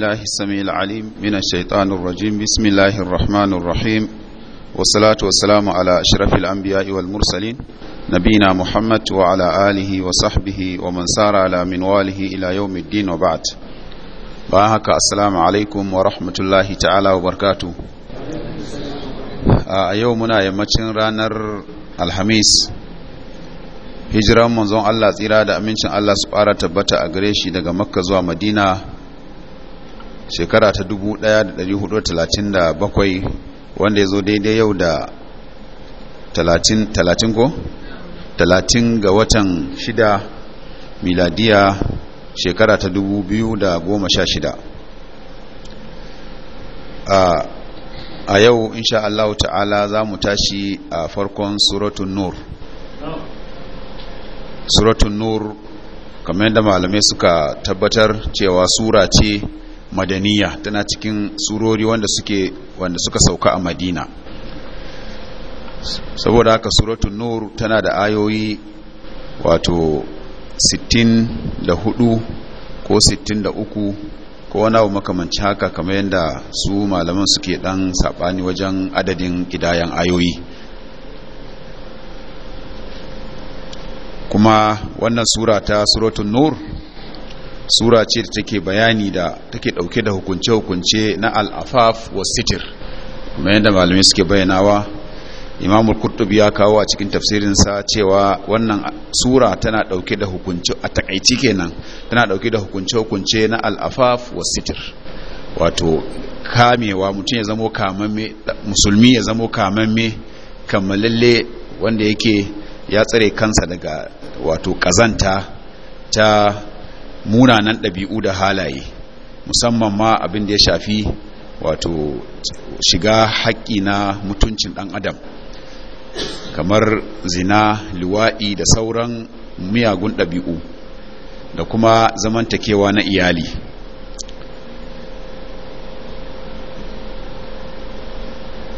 بالله السميع العليم من الشيطان الرجيم بسم الله الرحمن الرحيم والصلاة والسلام على أشرف الأنبياء والمرسلين نبينا محمد وعلى آله وصحبه ومن سار على منواله إلى يوم الدين وبعد باهك السلام عليكم ورحمة الله تعالى وبركاته a yau muna yammacin ranar alhamis hijiran manzon Allah tsira da amincin Allah su fara tabbata a gare shi daga makka zuwa madina shekara ta 1437 wanda ya zo daidai yau da 30 ko? 30 ga watan 6 miladiya shekara ta 2016 a yau insha Allah ta'ala za mu tashi a farkon suratun nur suratun nur kamar yadda malamai suka tabbatar cewa sura ce madaniya tana cikin surori wanda suke wanda suka sauka a madina saboda haka suratun nur tana da ayoyi wato 64 ko 63 ko wani abu makamanci haka kamar yadda su malaman suke dan sabani wajen adadin gidayen ayoyi kuma wannan sura ta suratun nur sura ce da take bayani da take dauke da hukunce-hukunce na al'afaf wa sitir kuma yadda malamai suke bayyanawa imamul kurtubi ya kawo a cikin tafsirinsa cewa wannan sura tana dauke da hukunce a takaici kenan tana dauke da hukunce-hukunce na al'afaf wa sitir wato kamewa mutum ya zamo kamamme musulmi ya zamo kamamme kammalalle wanda yake ya tsare kansa daga wato kazanta ta munanan ɗabi'u da halaye musamman ma abin da ya shafi wato shiga haƙƙi na mutuncin ɗan adam kamar zina luwa'i da sauran miyagun ɗabi'u da kuma zamantakewa na iyali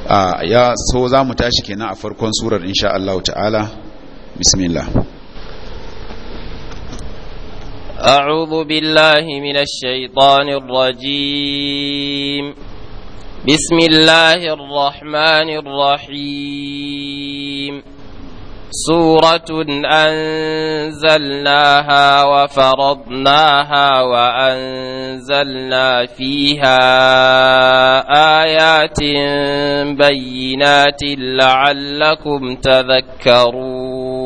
a ya so za mu tashi kenan a farkon surar insha Allah ta'ala bismillah أعوذ بالله من الشيطان الرجيم بسم الله الرحمن الرحيم سورة أنزلناها وفرضناها وأنزلنا فيها آيات بينات لعلكم تذكرون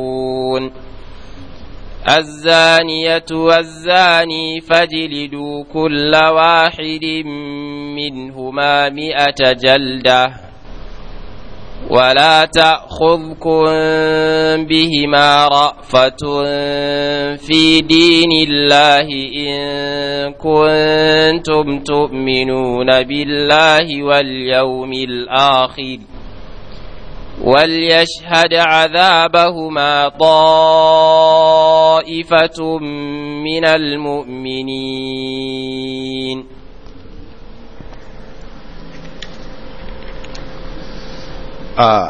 الزانية والزاني فاجلدوا كل واحد منهما مئة جلدة ولا تأخذكم بهما رأفة في دين الله إن كنتم تؤمنون بالله واليوم الآخر وليشهد عذابهما طائفة من المؤمنين a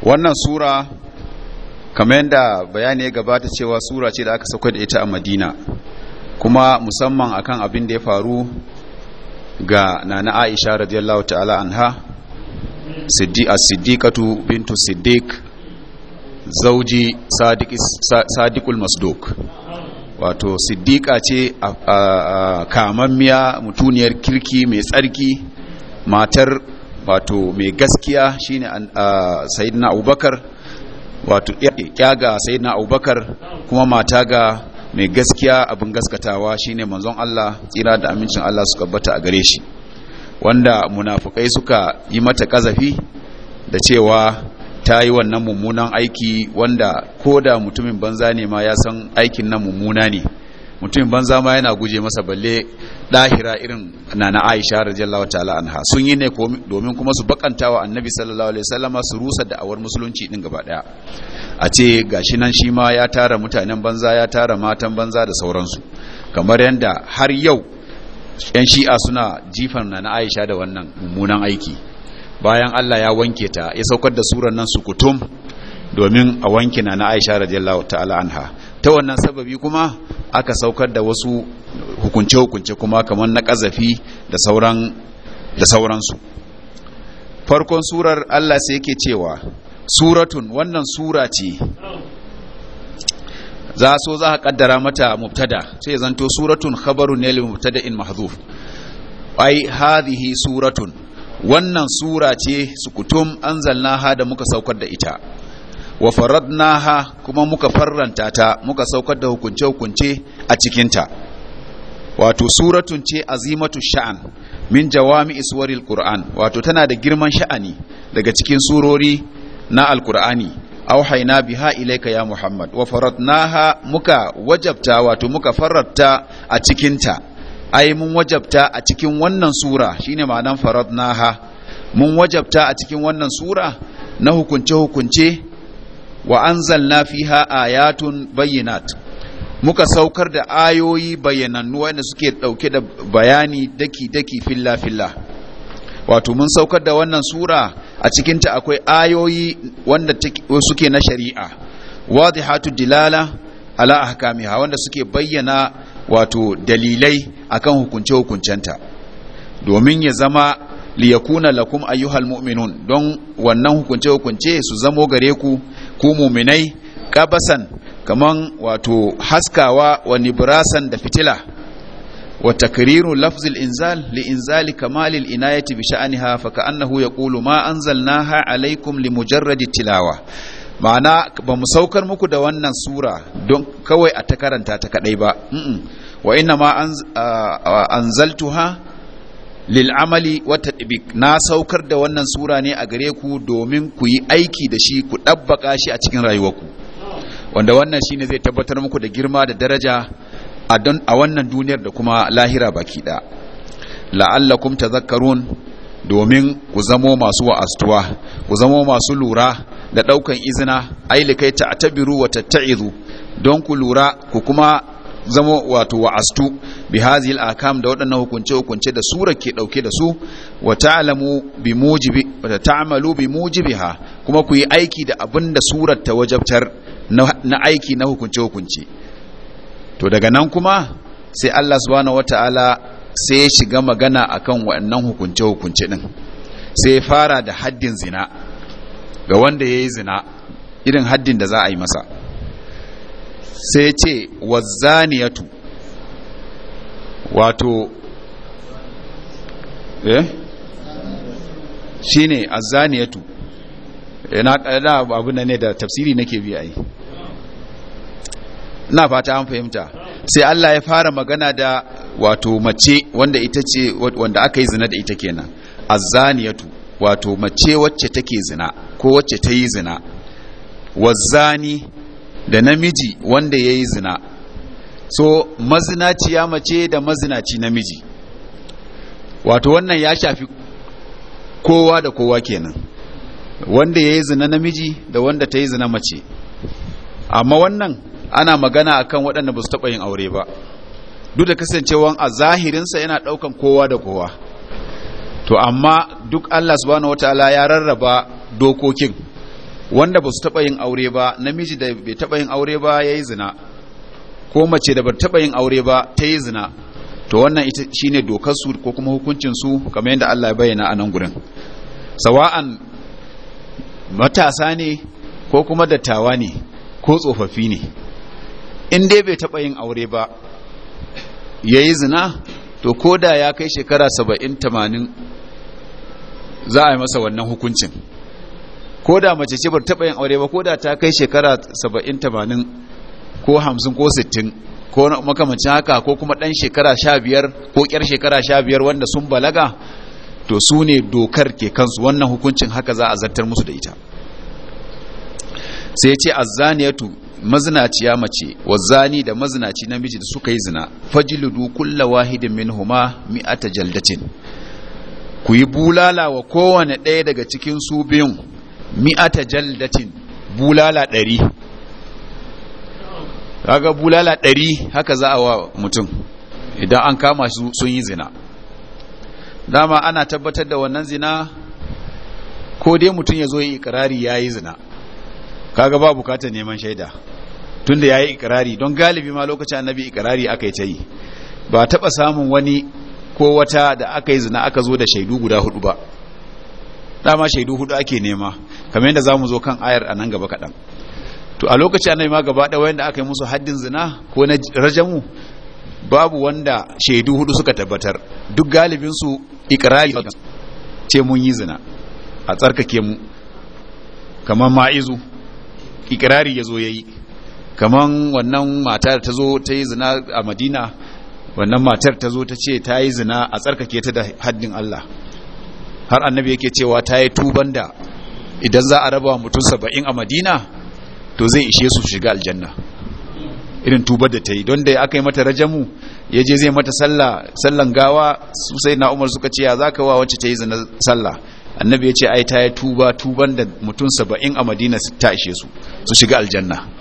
wannan sura kamar yadda bayani ya gabata cewa sura ce da aka sauka da ita a madina kuma musamman akan abin da ya faru ga nana aisha radiyallahu ta'ala anha siddiqatu bintu siddiq zauji sadiqul masduk wato siddiqa ce kamammiya mutuniyar kirki mai tsarki matar wato mai gaskiya shine sayyidina abubakar wato kyaga sayyidina abubakar kuma mata ga mai gaskiya abin gaskatawa shine manzon Allah tsira da amincin Allah suka bata a gare shi wanda munafukai suka yi mata kazafi da cewa ta yi wannan mummunan aiki wanda ko da mutumin banza ne ma ya san aikin nan mummuna ne mutumin banza ma yana guje masa balle ɗahira irin na na aisha radiyallahu ta'ala anha sun yi ne domin kuma su bakanta wa annabi sallallahu alaihi wasallama su rusa da awar musulunci din gaba daya a ce gashi nan shi ma ya tara mutanen banza ya tara matan banza da sauransu kamar yadda har yau yan shi'a suna jifan na aisha da wannan mummunan aiki bayan allah ya wanke ta ya saukar da surar nan su kutum domin a wanke na na aisha radiyallahu ta'ala anha ta wannan sababi kuma aka saukar da wasu hukunce-hukunce kuma kamar na kazafi da da sauransu farkon surar allah sai yake cewa suratun wannan sura ce za so za a kaddara mata mubtada sai zanto suratun khabaru ne lil mubtada'in mahdhuf ai hadhihi suratun wannan sura ce sukutum anzalnaha da muka saukar da ita wa faradnaha kuma muka farranta ta muka saukar da hukunce hukunce a cikin ta wato suratun ce azimatu sha'an min jawami iswaril qur'an wato tana da girman sha'ani daga cikin surori na alqur'ani auhaina biha ilaika ya muhammad wa faradnaha muka wajabta wato muka fararta a cikinta ai mun wajabta a cikin wannan sura shine ma'anan faradnaha mun wajabta a cikin wannan sura na hukunce hukunce wa anzalna fiha ayatun bayyinat muka saukar da ayoyi bayyanannu wanda suke dauke da bayani daki daki filla filla wato mun saukar da wannan sura a cikinta akwai ayoyi wanda suke na shari'a hatu dilala ala ahkamiha wanda suke bayyana wato dalilai akan hukunce hukuncenta domin ya zama liyakuna lakum ayyuhal mu'minun don wannan hukunce hukunce su zamo gare ku ku mu'minai kabasan kaman wato haskawa wa nibrasan da fitila wa takriru lafzil inzal li inzali kamal al-inayati bi sha'niha fa ka'annahu yaqulu ma anzalnaha alaykum li mujarradi tilawa ma'ana ba mu saukar muku da wannan sura don kawai a ta karanta ta kadai ba wa inna ma anzaltuha lil amali wa tadbik na saukar da wannan sura ne a gare ku domin ku yi aiki da shi ku dabbaka shi a cikin rayuwarku wanda wannan shine zai tabbatar muku da girma da daraja a wannan duniyar da kuma lahira baki ɗaya la'allakum tazakkarun domin ku zamo masu wa'astuwa ku zamo masu lura da ɗaukan izina ailikai ta tabiru wa tatta'izu don ku lura ku kuma zamo wato wa'astu bi hazil akam da waɗannan hukunce hukunce da sura ke ɗauke da su wa ta'lamu bi mujibi wa ta'malu bi mujibiha kuma ku yi aiki da abin da surar ta wajabtar na aiki na hukunce hukunce to daga nan kuma sai Allah subhanahu wataala sai ya shiga magana akan waɗannan hukunce hukunce din sai ya fara da haddin zina ga wanda yayi zina irin haddin da za a yi masa sai ya ce wazzaniyatu wato eh shine azzaniyatu ina kada abu ne da tafsiri nake biya ai na fata an fahimta sai Allah ya fara magana da wato mace wanda ita ce wanda aka yi zina da ita kenan azzaniyatu wato mace wacce take zina ko wacce ta yi zina wazzani da namiji wanda ya yi zina so mazinaciya mace da mazinaci namiji wato wannan ya shafi kowa da kowa kenan wanda ya yi zina namiji da wanda ta yi zina mace amma wannan ana magana a kan waɗanda ba su taɓa yin aure ba duk da kasancewan a zahirinsa yana ɗaukan kowa da kowa to amma duk Allah subhanahu wataala ya rarraba dokokin wanda ba su taɓa yin aure ba namiji da bai taɓa yin aure ba ya yi zina ko mace da ba taɓa yin aure ba ta yi zina to wannan ita shine ne dokarsu ko kuma hukuncinsu, su kamar yadda Allah ya bayyana a nan gurin sawa'an matasa ne ko kuma dattawa ne ko tsofaffi ne in dai bai taɓa yin aure ba ya yi zina to ko da ya kai shekara saba'in tamanin za a yi masa wannan hukuncin ko da mace ce bar taɓa yin aure ba ko da ta kai shekara saba'in tamanin ko hamsin ko sittin ko makamancin haka ko kuma ɗan shekara sha biyar ko ƙyar shekara sha biyar wanda sun balaga to su ne dokar ke kansu wannan hukuncin haka za a zartar musu da ita sai ce azzaniyatu mazinaciya mace wa zani da mazinaci namiji da suka yi zina fajiludu kulla wahidin huma mi'ata jaldatin ku yi bulala wa kowane ɗaya daga cikin su biyun mi'ata jaldatin bulala ɗari kaga bulala ɗari haka za a wa mutum idan an kama su sun yi zina dama ana tabbatar da wannan zina ko dai mutum ya zo yi ikirari ya yi zina kaga ba bukatar neman shaida tunda yi ikirari don galibi ma lokacin annabi ikrari aka yi ta yi ba taba samun wani ko wata da aka yi zina aka zo da shaidu guda hudu ba dama shaidu hudu ake nema kamar yadda zamu zo kan ayar a nan gaba kaɗan to a lokacin annabi ma gaba wayan wanda aka yi musu haddin zina ko na rajamu babu wanda shaidu hudu suka tabbatar duk galibin su ikrari ce mun yi zina a tsarkake mu kamar ma'izu ikrari yazo yayi kaman wannan matar ta zo ta yi zina a madina wannan matar ta zo ta ce ta yi zina a tsarkake ta da haddin Allah har annabi yake cewa ta yi tuban da idan za a raba mutum saba'in a madina to zai ishe su shiga aljanna irin tubar da ta yi don da aka yi mata rajamu ya je zai mata sallan gawa su sai na umar suka ce ya za ka wa wacce ta yi zina sallah annabi ya ce ai ta yi tuba tuban da mutum saba'in a madina ta ishe su su shiga aljanna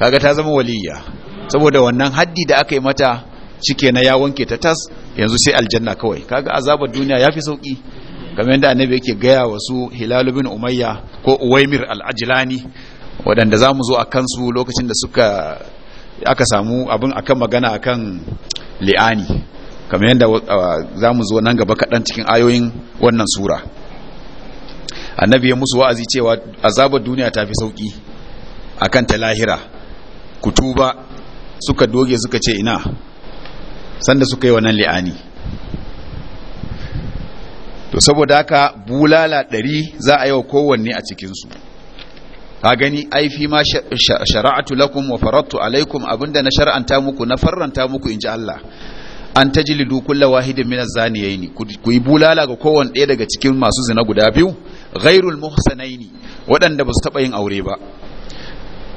kaga ta zama waliyya saboda wannan haddi da aka yi mata cike na ya wanke ta tas yanzu sai aljanna kawai kaga azabar duniya ya fi sauki kamar yadda annabi yake gaya wa su hilal bin umayya ko uwaimir al-ajlani waɗanda za mu zo a kansu lokacin da suka aka samu abin akan magana akan li'ani kamar yadda za mu zo nan gaba kaɗan cikin ayoyin wannan sura annabi ya musu wa'azi cewa azabar duniya ta fi sauƙi akan ta lahira Kutuba suka doge suka ce ina sanda suka yi wannan li'ani to saboda haka bulala ɗari za a yi wa kowanne a cikinsu ka gani aifi ma shara'atu lakum wa farattu alaikum abinda na shar'anta muku na farranta muku in ji Allah an tajlidu kulla wahidin min az-zaniyaini ku bulala ga kowanne ɗaya daga cikin masu zina guda biyu ghairul muhsanaini waɗanda ba su taɓa yin aure ba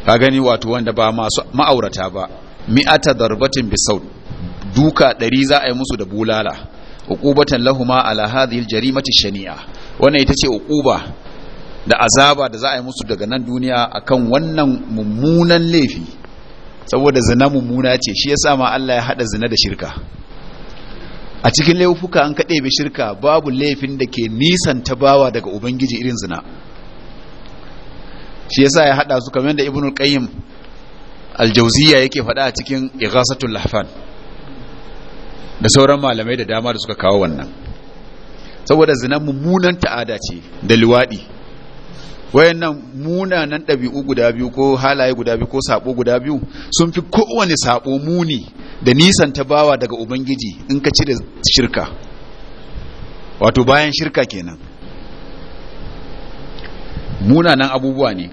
ka gani wato wanda ba masu ma'aurata ba mi'ata darbatin bisau duka ɗari za a yi musu da bulala uqubatan lahuma ala hadhihi aljarimati shani'a wannan ita ce uquba da azaba da za a yi musu daga nan duniya akan wannan mummunan laifi saboda zina mummuna ce shi yasa ma Allah ya haɗa zina da shirka a cikin laifuka an kaɗe bi shirka babu laifin da ke nisan tabawa daga ubangiji irin zina shi yasa ya hada su kamar da ibnul qayyim aljawziya yake faɗa a cikin ighasatul lahfan da sauran malamai da dama da suka kawo wannan saboda zina mummunan ta'ada ce da liwadi wayannan munanan ɗabi'u guda biyu ko halaye guda biyu ko sabo guda biyu sun fi kowane sabo muni da nisan ta bawa daga ubangiji in ka cire shirka wato bayan shirka kenan munanan abubuwa ne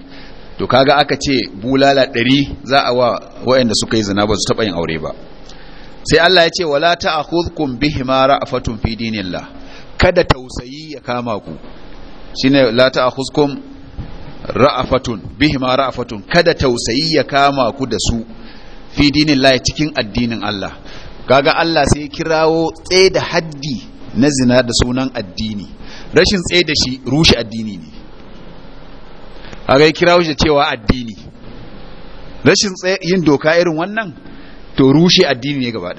to kaga aka ce bulala ɗari za a wa waɗanda suka yi zina ba su taɓa yin aure ba sai Allah ya ce wala ta'khudhukum bihima ra'fatun fi dinillah kada tausayi ya kama ku shine la ta'khudhukum ra'fatun bihima ra'fatun kada tausayi ya kama ku da su fi dinillah cikin addinin Allah kaga Allah sai kirawo tsaye da haddi na zina da sunan addini rashin tsaye da shi rushe addini ne a ga kira wuce cewa addini rashin yin doka irin wannan to rushe addini ne gaba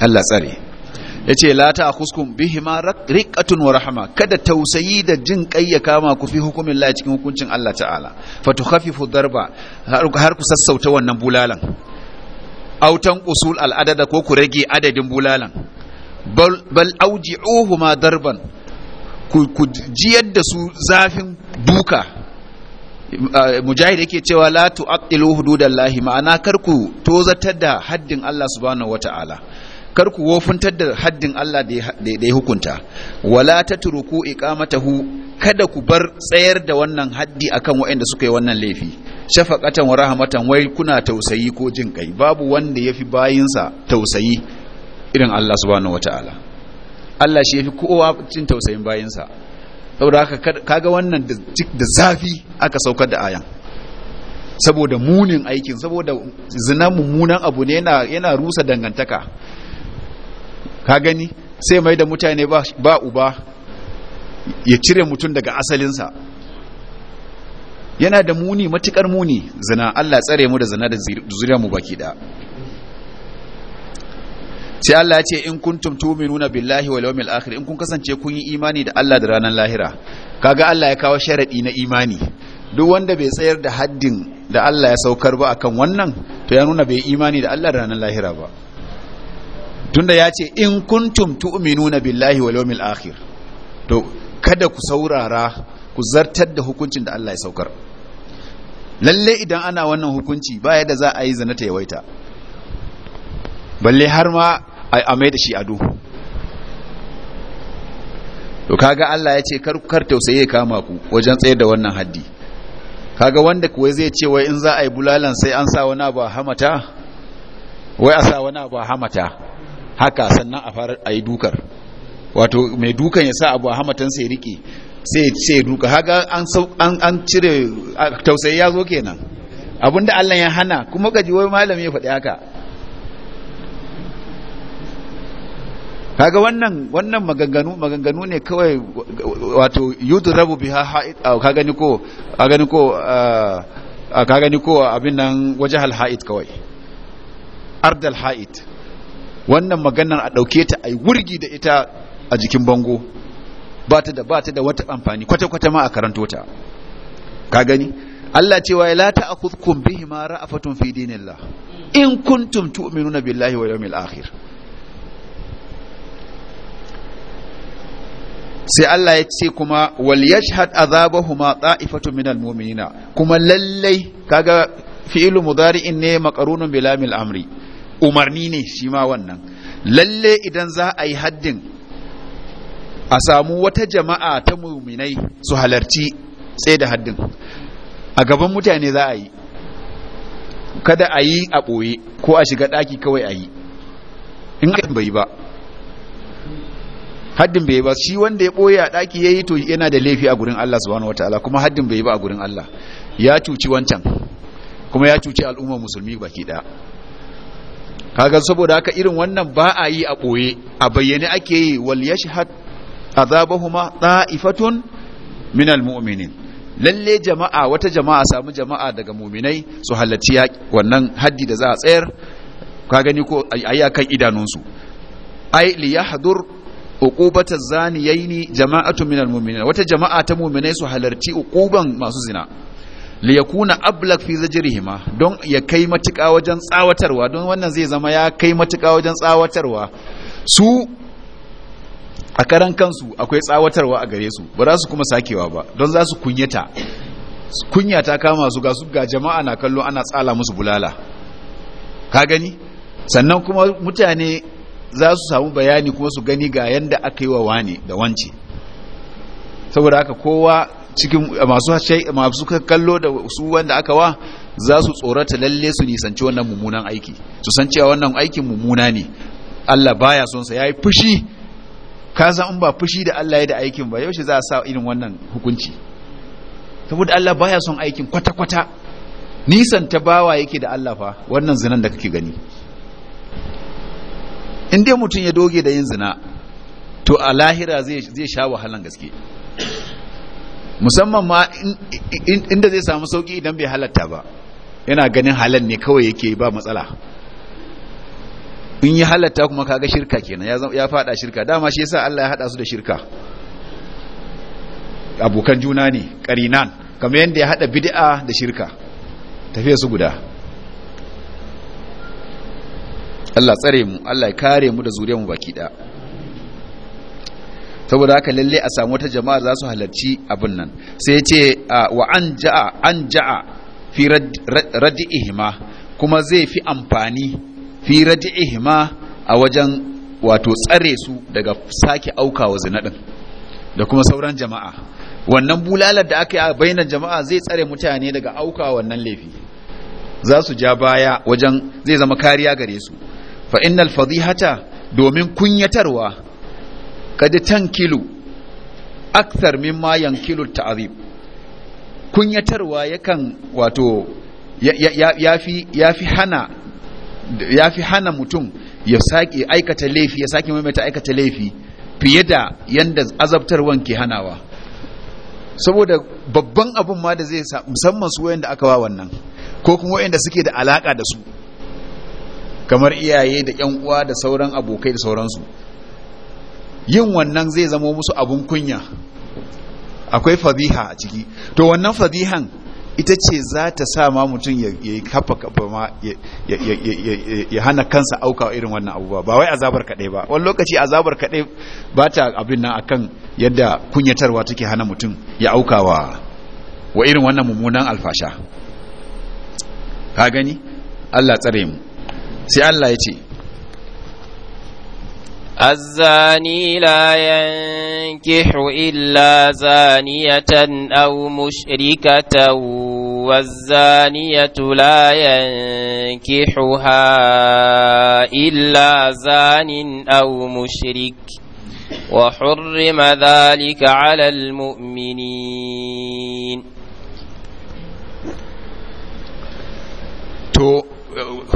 Allah tsare yace la kuskun bihi ma rikatun wa rahma kada tausayi da jin kai ya kama ku fi hukumin Allah cikin hukuncin Allah ta'ala fatukhaffifu darba har ku sassauta wannan bulalan autan usul al'adada ko ku rage adadin bulalan bal ma darban ku jiyar da su zafin duka mujahid yake cewa la tu'attilu hududallahi ma'ana kar ku tozatar da haddin Allah subhanahu wata'ala kar ku wofuntar da haddin Allah da ya hukunta wala tatruku iqamatahu kada ku bar tsayar da wannan haddi akan waɗanda suka yi wannan laifi shafaqatan wa rahmatan wai kuna tausayi ko jin kai babu wanda yafi bayinsa tausayi irin Allah subhanahu wata'ala Allah shi fi kowa cin tausayin bayinsa saboda haka kaga wannan da zafi aka saukar da ayan saboda munin aikin saboda zina mummunan abu ne yana rusa dangantaka ka gani sai mai da mutane ba uba ya cire mutum daga asalinsa yana da muni matukar muni zina Allah tsare mu da zina da zuriya mu baki da sai Allah ya ce in kuntum tu'minuna billahi wal yawmil akhir in kun kasance kun yi imani da Allah da ranar lahira kaga Allah ya kawo sharadi na imani duk wanda bai tsayar da haddin da Allah ya saukar ba akan wannan to ya nuna bai imani da Allah da ranar lahira ba tunda ya ce in kuntum tu'minuna billahi wal yawmil akhir to kada ku saurara ku zartar da hukuncin da Allah ya saukar lalle idan ana wannan hukunci ba yadda za a yi zina ta yawaita balle har ma a mai da shi ado to kaga Allah ya ce kar kar tausaye kama ku wajen tsayar da wannan haddi kaga wanda kuwa zai ce wai in za a yi bulalan sai an sa wani abu a hamata wai a sa wani abu a hamata haka sannan a fara a yi dukar wato mai dukan ya sa abu a hamatan sai rike sai ce duka haga an an cire tausayi ya zo kenan abinda Allah ya hana kuma gaji wai malami ya faɗi haka kaga wannan wannan maganganu maganganu ne kawai wato yudrabu biha ha'id ah, ka gani ko ka ni ko ah, ah, kaga ni ko abin nan wajhal ha'id kawai ardal ha'id wannan maganar a dauke ta ai wurgi da ita a jikin bango ba ta da ba ta da wata amfani kwata kwata ma a karanto ta ka gani Allah cewa la ta'khudhukum bihima ra'afatun fi dinillah in kuntum tu'minuna billahi wal yawmil akhir sai Allah ya ce kuma wal yashhad azabahuma ta'ifatu minal mu'minina kuma lallai kaga fi'lu mudari'in ne maqrunun bi lamil amri umarni ne shi ma wannan lalle idan za a yi haddin a samu wata jama'a ta mu'minai su halarci sai da haddin a gaban mutane za a yi kada a yi a ɓoye ko a shiga ɗaki kawai a yi in bai ba haddin bai ba shi wanda ya boye a daki yayi to yana da laifi a gurin Allah subhanahu wataala kuma haddin bai ba a gurin Allah ya cuci wancan kuma ya cuci al'ummar musulmi baki daya kaga saboda haka irin wannan ba a yi a boye a bayyane ake yi wal yashhad azabahuma ta'ifatun min mu'minin lalle jama'a wata jama'a samu jama'a daga mu'minai su halarci wannan haddi da za a tsayar ka gani ko ayyakan idanunsu ai li yahdur uqubatar zaniyaini jama'atu minal mu'minin wata jama'a ta mu'minai su halarci uquban masu zina li yakuna ablaq fi zajrihima don ya kai matuƙa wajen tsawatarwa don wannan zai zama ya kai matuƙa wajen tsawatarwa su a karan kansu akwai tsawatarwa a gare su ba za su kuma sakewa ba don za su kunyata kunya ta kama su ga su ga jama'a na kallo ana tsala musu bulala ka gani sannan kuma mutane za su samu bayani kuma su gani ga yadda aka yi wa wani da wance saboda haka kowa cikin masu masu kallo da su wanda aka wa za su tsorata lalle su nisanci wannan mummunan aiki su san cewa wannan aikin mummuna ne Allah baya son sa yi fushi ka san in ba fushi da Allah ya da aikin ba yaushe za a sa irin wannan hukunci saboda Allah baya son aikin kwata kwata nisan ta bawa yake da Allah fa wannan zinan da kake gani in dai mutum ya doge da yin zina to a lahira zai sha wahalan gaske musamman ma inda zai samu sauki idan bai halatta ba yana ganin halan ne kawai yake ba matsala in yi halatta kuma kaga shirka kenan ya fada shirka dama shi yasa Allah ya hada su da shirka abokan juna ne karinan kamar yadda ya hada bid'a da shirka tafiya su guda Allah tsare mu Allah ya kare mu da zuriyar mu baki ɗaya. saboda haka lalle a samu wata jama'a za su halarci abin nan sai ya ce wa an ja'a an ja'a fi radi'ihima kuma zai fi amfani fi radihima a wajen wato tsare su daga sake aukawa zina da kuma sauran jama'a wannan bulalar da aka yi a bainar jama'a zai tsare mutane daga auka wannan laifi za su ja baya wajen zai zama kariya gare su fa innal fadihata domin kunyatarwa kad tankilu akthar mimma yankilu ta'zim kunyatarwa yakan wato yafi yafi hana yafi hana mutum ya sake aikata laifi ya sake maimaita aikata laifi fiye da yanda azabtarwan ke hanawa saboda babban abun ma da zai sa musamman su wayanda aka wa wannan ko kuma wayanda suke da alaka da su kamar iyaye da yan uwa da sauran abokai da sauransu yin wannan zai zama musu abun kunya akwai fadiha a ciki to wannan fadihan ita ce za ta sa ma mutum ya kafa kafa ma ya hana kansa auka irin wannan abubuwa ba wai azabar kaɗai ba wani lokaci azabar kaɗai ba ta abin nan akan yadda kunyatarwa take hana mutum ya auka wa wa irin wannan mummunan alfasha ka gani Allah tsare mu sai Allah ya ce الزاني لا ينكح إلا زانية أو مشركة والزانية لا ينكحها إلا زان أو مشرك وحرم ذلك على المؤمنين تو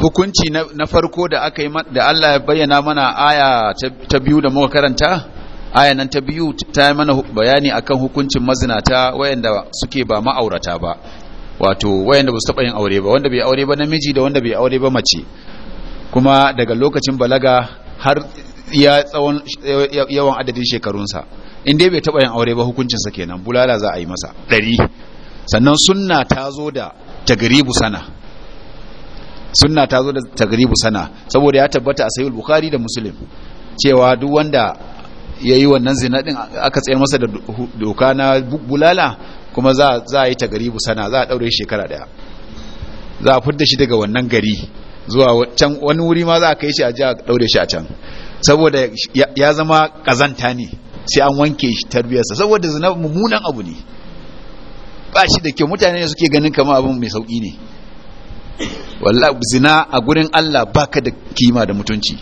hukunci na farko da aka yi da Allah ya bayyana mana aya ta biyu da muka karanta aya nan ta biyu ta yi mana bayani akan hukuncin mazinata wayanda suke ba ma'aurata ba wato wayanda ba su taɓa yin aure ba wanda bai aure ba namiji da wanda bai aure ba mace kuma daga lokacin balaga har ya tsawon yawan adadin shekarunsa in dai bai taba yin aure ba hukuncinsa kenan bulala za a yi masa ɗari sannan sunna ta zo da tagribu sana sunna ta zo da tagribu sana saboda ya tabbata a sahih bukhari da muslim cewa duk wanda ya yi wannan zina din aka tsayar masa da doka na bulala kuma za a yi tagribu sana za a daure shekara daya za a fidda shi daga wannan gari zuwa can wani wuri ma za a kai shi a ji a daure shi a can saboda ya zama kazanta ne sai an wanke shi tarbiyarsa saboda zina mummunan abu ne ba shi da kyau mutane suke ganin kama abin mai sauki ne wallahi zina a gurin Allah baka da kima da mutunci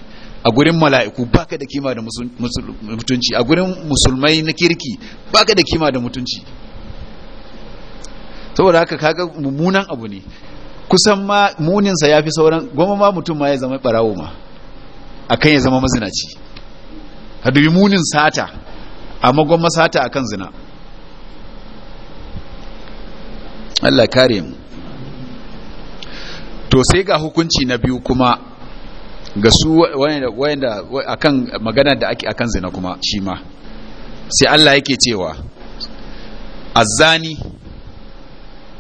a gurin mala'iku baka da kima da mutunci a gurin musulmai na kirki baka da kima da mutunci saboda haka kaga mummunan abu ne kusan ma muninsa ya fi sauran goma ma mutum ma ya zama barawo ma akan ya zama mazinaci hadu dubi munin sata a magon masata akan zina Allah kare mu to sai ga hukunci na biyu kuma ga su wayanda akan magana da ake akan zina kuma shi ma sai Allah yake cewa azzani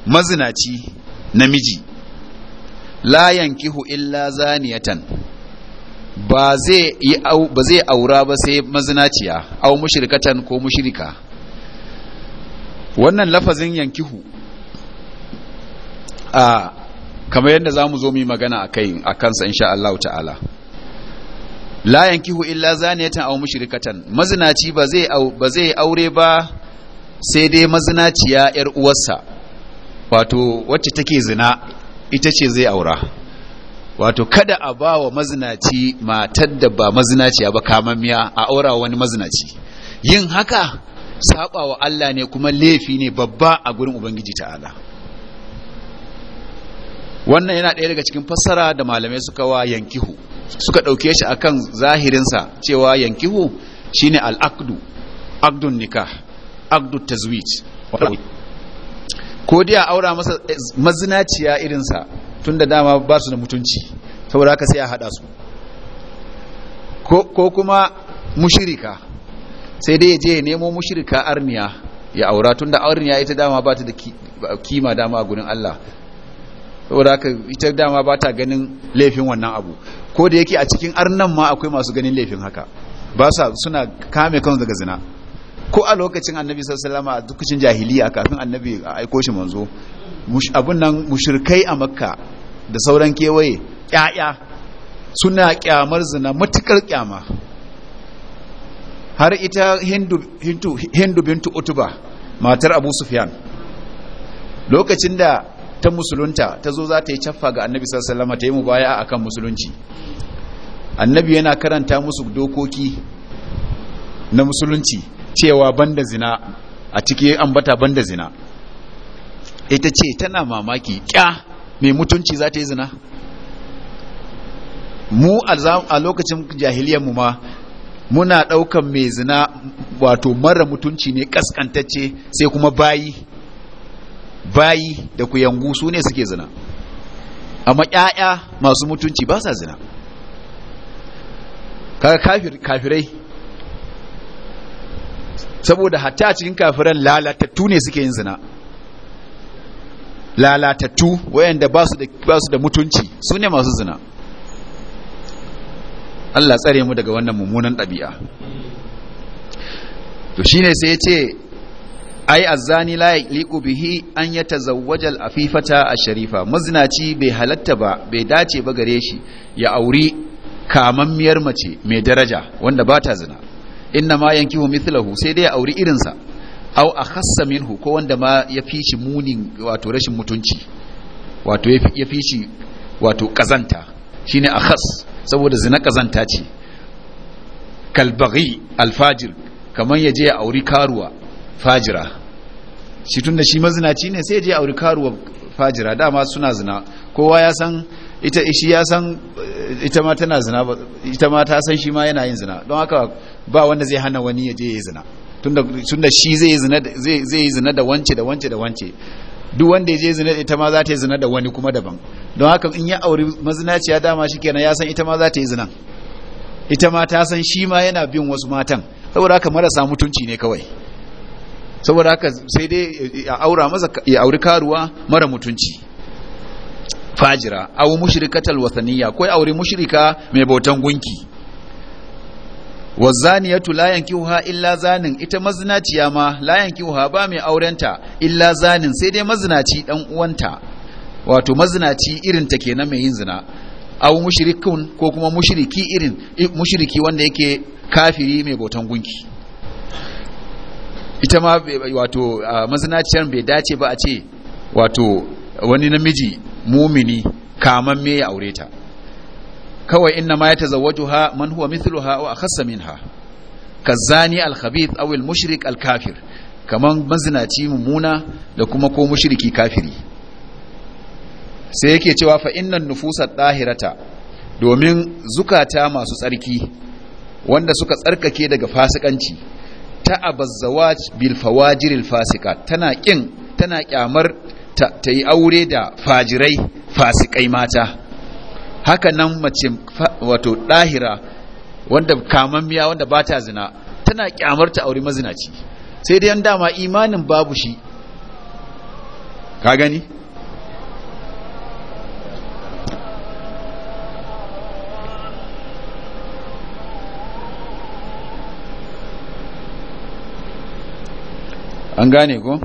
mazinaci namiji la yankihu illa zaniyatan ba zai ba zai aura ba sai mazinaciya au mushrikatan ko mushrika wannan lafazin yankihu a kamar yadda za mu zo mu yi magana a kai kansa insha Allah ta'ala la yankihu illa zaniyatan aw mushrikatan mazinaci ba zai ba zai aure ba sai dai mazinaciya yar uwarsa wato wacce take zina ita ce zai aura wato kada a ba wa mazinaci matar da ba mazinaciya ba kamammiya a aura wani mazinaci yin haka saba wa Allah ne kuma laifi ne babba a gurin ubangiji ta'ala wannan yana ɗaya daga cikin fassara da malamai suka wa yankihu suka ɗauke shi akan zahirinsa cewa yankihu shine al'akdu akdun nikah akdu tazwit ko dai a aura masa mazinaciya irinsa tun da dama ba su da mutunci saboda haka sai a haɗa su ko kuma mushirika sai dai je ya nemo mushirika arniya ya aura tun da arniya ita dama ba ta da kima dama a gurin Allah saboda haka ita dama ba ta ganin laifin wannan abu ko da yake a cikin arnan ma akwai masu ganin laifin haka ba sa suna kame kansu daga zina ko a lokacin annabi sallallahu alaihi a dukkan jahiliya kafin annabi a aiko shi manzo abun nan mushrikai a makka da sauran kewaye ƴaƴa suna kyamar zina matukar kyama har ita hindu hindu hindu bintu utuba matar abu sufyan lokacin da ta musulunta ta zo za ta yi caffa ga annabi sallama ta yi mu baya a kan musulunci annabi yana karanta musu dokoki na musulunci cewa banda zina a ciki ambata banda zina ita ce tana mamaki kya mai mutunci za ta yi zina mu a lokacin mu ma muna ɗaukan mai zina wato mara mutunci ne kaskantacce sai kuma bayi bayi da kuyangu su ne suke zina amma ƴaƴa masu mutunci ba sa zina kaga kafir kafirai saboda hatta cikin kafiran lalatattu ne suke yin zina lalatattu wayanda ba su da ba su da mutunci su ne masu zina Allah tsare mu daga wannan mummunan ɗabi'a to shine sai ya ce ai azzani la liku bihi an yatazawwaja afifata a sharifa mazinaci bai halatta ba bai dace ba gare shi ya auri kamammiyar mace mai daraja wanda ba ta zina inna ma yankihu mithlahu sai dai ya auri irinsa aw akhassa minhu ko wanda ma ya fi shi munin wato rashin mutunci wato ya fi shi wato kazanta shine has saboda zina kazanta ce kalbaghi alfajir kaman yaje ya auri karuwa fajira shi da shi mazinaci ne sai je auri karuwa fajira dama suna zina kowa ya san ita shi ya san eh, ita ma tana zina ita ma ta san shi ma yana yin zina don haka ba wanda zai hana wani ya je ya zina tun da shi zai yi zina da wance da wance da wance duk wanda ya je zina ita ma za ta yi zina da wani kuma daban don haka in ya auri mazinaciya dama shi kenan ya san ita ma za ta yi zina ita ma ta san shi ma yana bin wasu matan saboda haka marasa mutunci ne kawai saboda haka sai dai ya aura masa ya auri karuwa mara mutunci fajira aw mushrikatal wasaniya ko auri mushrika mai bautan gunki wazaniyatu la yankihuha illa zanin ita mazinaciya ma la yankihuha ba mai aurenta illa zanin sai dai mazinaci dan uwanta wato mazinaci irin ta kenan mai yin zina Awu mushrikun ko kuma mushriki irin mushriki wanda yake kafiri mai bautan gunki ita ma wato mazinaciyar bai dace ba a ce wato wani namiji mumini kaman me ya aure ta kawai inna ma ha man huwa ha wa akhassa minha kazani al-khabith aw al-mushrik al-kafir kaman mazinaci mumuna da kuma ko mushriki kafiri sai yake cewa fa innan nufusa dahirata domin zukata masu tsarki wanda suka tsarkake daga fasikanci ta'abaz zawaj bil al fasika tana kin tana kyamar ta yi aure da fajirai fasikai mata haka nan mace wato dahira wanda kamammiya wanda ba ta zina tana kyamar ta aure mazinaci sai dai an dama imanin babu shi ka gani an gane ko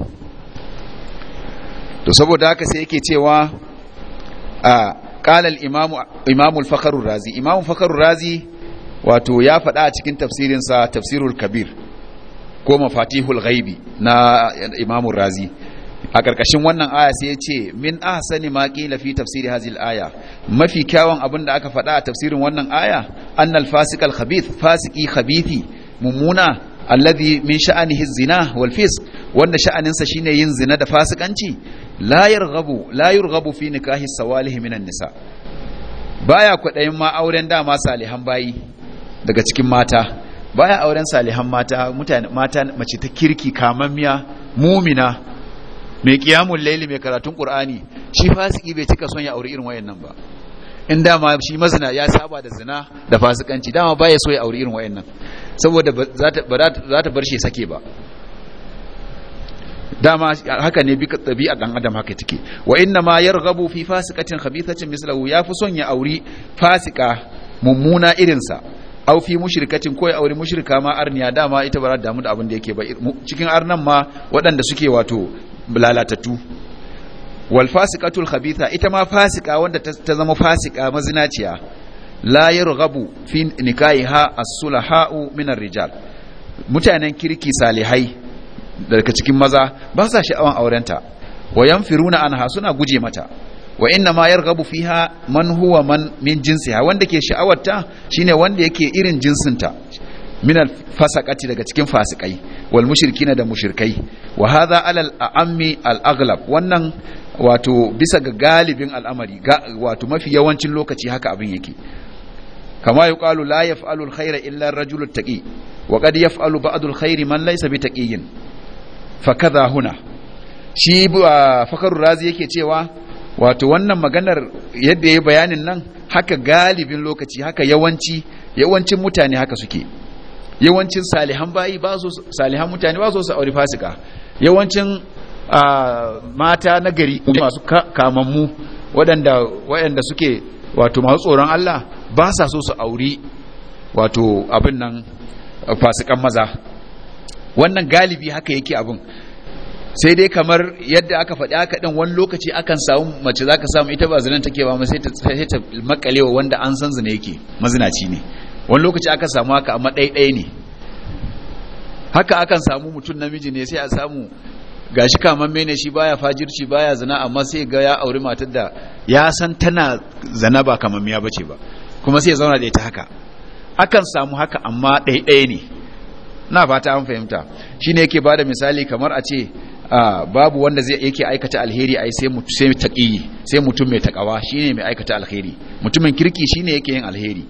to saboda haka sai yake cewa a kalal imamul fakarun razi imamul fakarun razi wato ya faɗa a cikin tafsirinsa tafsirul kabir ko mafatihul ghaibi na imamul razi a ƙarƙashin wannan aya sai ya ce min ahsani ma maƙi fi tafsiri hazil aya mafi kyawun abin da aka faɗa a tafsirin wannan aya annal fasikal khabith fasiki khabithi mummuna alladhi min sha'anihi zina wal fisq wanda sha'aninsa shine yin zina da fasikanci la yarghabu la yarghabu fi nikahi sawalihi minan nisa baya kwadayin ma auren dama salihan bayi daga cikin mata baya auren salihan mata mutane mata mace ta kirki kamammiya mumina mai qiyamul layli mai karatun qur'ani shi fasiki bai cika son ya aure irin wayannan ba in dama shi mazina ya saba da zina da fasikanci dama baya so ya aure irin wayannan saboda ba za ta bar shi sake ba dama haka ne bi tabi'a dan adam haka take wa inna ma yarghabu fi fasikatin khabithatin mislahu ya fi son ya auri fasika mummuna irinsa au fi mushrikatin ko ya auri mushrika ma arniya dama ita ba damu da abin da yake ba cikin arnan ma waɗanda suke wato lalatattu wal fasikatul khabitha ita ma fasika wanda ta zama fasika mazinaciya la yarghabu fi nikahiha as-sulaha'u min ar-rijal mutanen kirki salihai daga cikin maza ba sa sha'awan aurenta wa yanfiruna anha suna guje mata wa inna ma yarghabu fiha man huwa man min jinsiha wanda ke sha'awarta shine wanda yake irin jinsinta min al-fasaqati daga cikin fasikai wal mushrikina da mushrikai wa hadha alal ammi al-aghlab wannan wato bisa ga galibin al'amari wato mafi yawancin lokaci haka abin yake كما يقال لا يفعل الخير إلا الرجل التقي وقد يفعل بعض الخير من ليس man فكذا هنا fa فكر الرازي shi fakarur cewa wato wannan maganar yadda yayi bayanin nan haka galibin lokaci haka yawanci yawancin mutane haka suke yawancin salihan bayi ba su salihan mutane ba su su aure fasika yawancin mata na gari masu kamammu waɗanda waɗanda suke wato masu tsoron Allah ba sa so su auri wato abin nan fasikan maza wannan galibi haka yake abin sai dai kamar yadda aka faɗi aka ɗin wani lokaci akan samu mace za ka samu ita ba zinan take ba sai ta makalewa wanda an san zina yake mazinaci ne wani lokaci aka samu haka amma ɗaiɗai ne haka akan samu mutum namiji ne sai a samu gashi kaman mene shi baya fajirci baya zina amma sai ga ya auri matar da ya san tana zina ba kamammiya bace ba kuma sai ya zauna da ita haka akan samu haka amma ɗaiɗaya ne na fata an fahimta shine yake bada misali kamar a ce babu wanda zai yake aikata alheri ai sai mutu sai taqiyi sai mutum mai takawa shine mai aikata alheri mutumin kirki shine yake yin alheri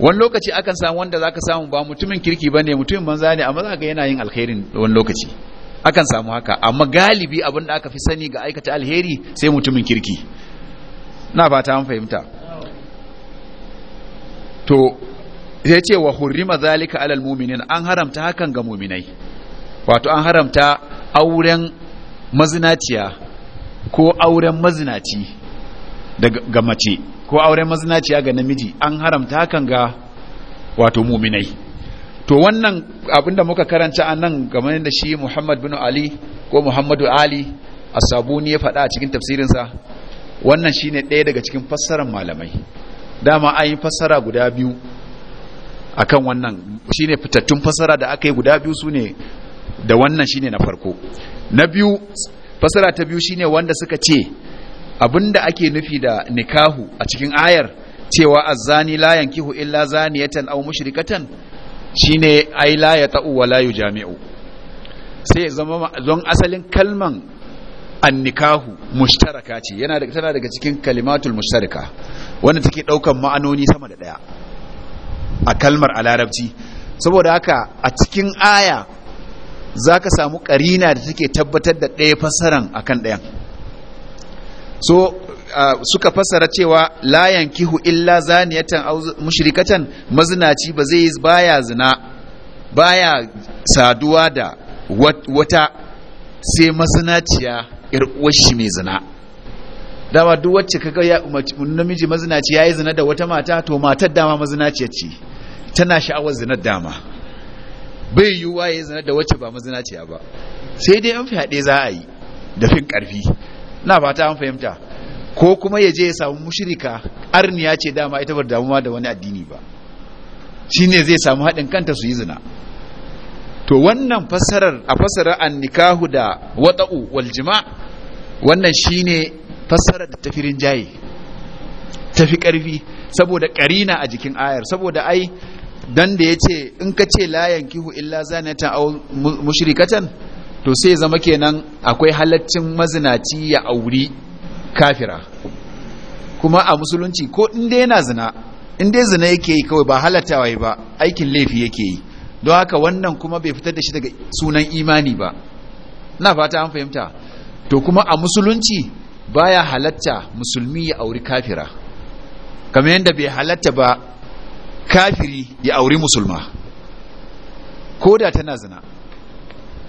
wani lokaci akan samu wanda zaka samu ba mutumin kirki bane mutumin banza ne amma zaka yana yin alherin wani lokaci akan samu haka amma galibi abin da aka fi sani ga aikata alheri sai mutumin kirki na fata an fahimta to ya ce wa hurrima zalika alal muminin an haramta hakan ga muminai wato an haramta auren mazinaciya ko auren mazinaci ga mace ko auren mazinaciya ga namiji an haramta hakan ga wato muminai to wannan abinda muka karanta a nan game da shi muhammad bin ali ko muhammadu ali a sabuni ya faɗa a cikin tafsirinsa wannan shine ɗaya daga cikin fassarar malamai dama an yi fassara guda biyu a kan wannan shi ne fitattun fassara da aka yi guda biyu su ne da wannan shi ne na farko na biyu fassara ta biyu shi ne wanda suka ce abinda ake nufi da nikahu a cikin ayar cewa zani layan kihu illa zaniyatan aw mushrikatan ne ai la ta'u wa la yujami'u sai zama don asalin kalman annikahu mushtaraka ce yana tana daga cikin kalimatul mushtaraka wanda take daukan ma'anoni sama da daya a kalmar a larabci saboda haka a cikin aya za ka samu karina da take tabbatar da ɗaya fassaran akan ɗayan so suka fasara cewa layan kihu illa zaniyatan aw mushrikatan mazinaci ba zai baya zina baya saduwa da wata sai mazinaciya 'yar mai zina dama duk wacce kaga ya namiji mazinaci yayi zina da wata mata to matar dama mazinaciya ce tana sha'awar zinar dama bai yi yiwuwa yayi zina da wacce ba mazinaciya ba sai dai an fyaɗe za a yi da fin ƙarfi na fata an fahimta ko kuma ya je ya samu mushrika arniya ce dama ita bar damuwa da wani addini ba shine zai samu haɗin kanta su yi zina to wannan fassarar a fassarar an nikahu da wata'u wal jima' wannan shine fassara da tafi rinjaye tafi karfi saboda karina a jikin ayar saboda ai dan da yace in ka ce la yankihu illa zanata aw mushrikatan to sai zama kenan akwai halaccin mazinaci ya auri kafira kuma a musulunci ko in dai yana zina in dai zina yake yi kawai ba yi ba aikin laifi yake yi don haka wannan kuma bai fitar da shi daga sunan imani ba na fata an fahimta to kuma a musulunci baya halatta musulmi ya auri kafira kamar yadda bai halatta ba kafiri ya auri musulma ko da tana zina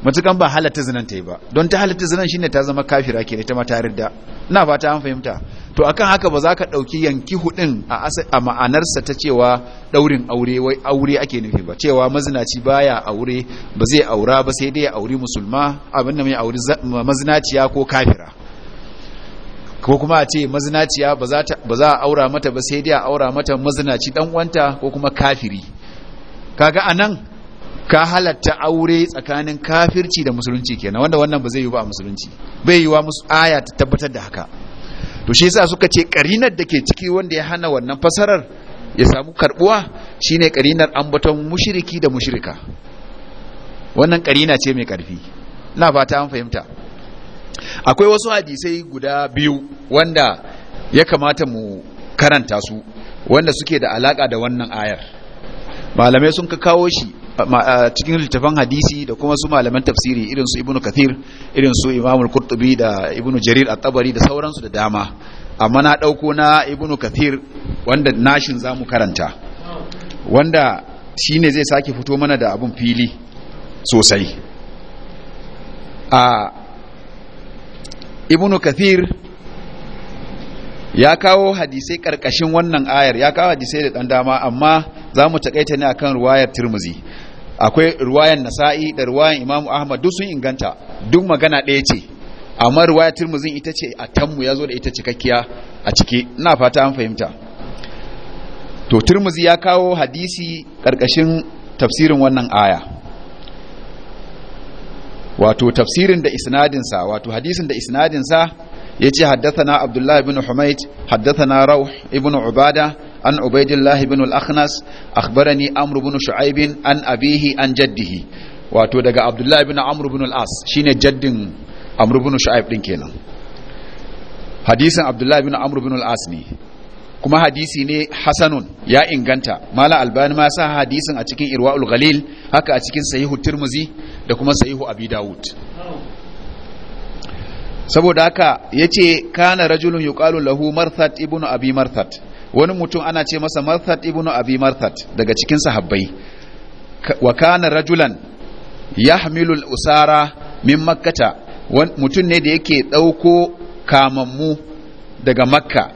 matukan ba halatta zinan ta yi ba don ta halatta zinan shine ta zama kafira ke ta mata da ina fata an fahimta to akan haka ba za ka ɗauki yanki hudin a ma'anarsa ta cewa ɗaurin aure wai aure ake nufi ba cewa mazinaci baya aure ba zai aura ba sai dai ya auri musulma abin da mai auri mazinaciya ko kafira ko kuma a ce mazinaciya ba za a aura mata ba sai dai a aura mata mazinaci dan wanta ko kuma kafiri kaga anan ka halatta aure tsakanin kafirci da musulunci kenan wanda wannan ba zai yi ba a musulunci bai yi wa musu aya ta tabbatar da haka to shi yasa suka ce karinar da ke ciki wanda ya hana wannan fasarar ya samu karbuwa shine karinar ambaton mushriki da mushrika wannan karina ce mai karfi ina fata an fahimta akwai wasu hadisai guda biyu wanda ya kamata mu karanta su wanda suke da alaka da wannan ayar malamai sun ka kawo shi cikin littafan hadisi da kuma su malaman tafsiri irin su ibnu kathir irin su imamul qurtubi da ibnu jarir at-tabari da sauransu da dama amma na dauko na ibnu kathir wanda nashin zamu karanta wanda shi ne zai sake fito mana da abun fili sosai ibnu kathir ya kawo hadisai karkashin wannan ayar ya kawo hadisai da dan dama amma za mu takaita ne akan ruwayar tirmizi akwai ruwayan nasa'i da ruwayan imamu ahmad duk sun inganta duk magana ɗaya ce amma ruwayar turmuzin ita ce a tanmu ya zo da ita cikakkiya a ciki na fata an fahimta to turmuzi ya kawo hadisi karkashin tafsirin wannan aya wato tafsirin da isnadinsa wato hadisin da isnadinsa ya ce haddathana abdullahi ibn haddasa haddathana rauh ibn ubada an ubaidillahi bin al-akhnas akhbarani amr bin shu'aib an abihi an jaddihi wato daga abdullahi bin amr bin al-as shine jaddin amr bin shu'aib din kenan hadisin abdullahi bin amr bin al-as ne kuma hadisi ne hasanun ya inganta mala albani ma sa hadisin a cikin irwa'ul ghalil haka a cikin sahihu tirmizi da kuma sahihu abi dawud saboda haka yace kana rajulun yuqalu lahu marthat ibnu abi marthat wani mutum ana ce masa marthat ibnu abi marthat daga cikin sahabbai wa kana rajulan yahmilu al-usara min makkata mutum ne da yake dauko kamammu daga makka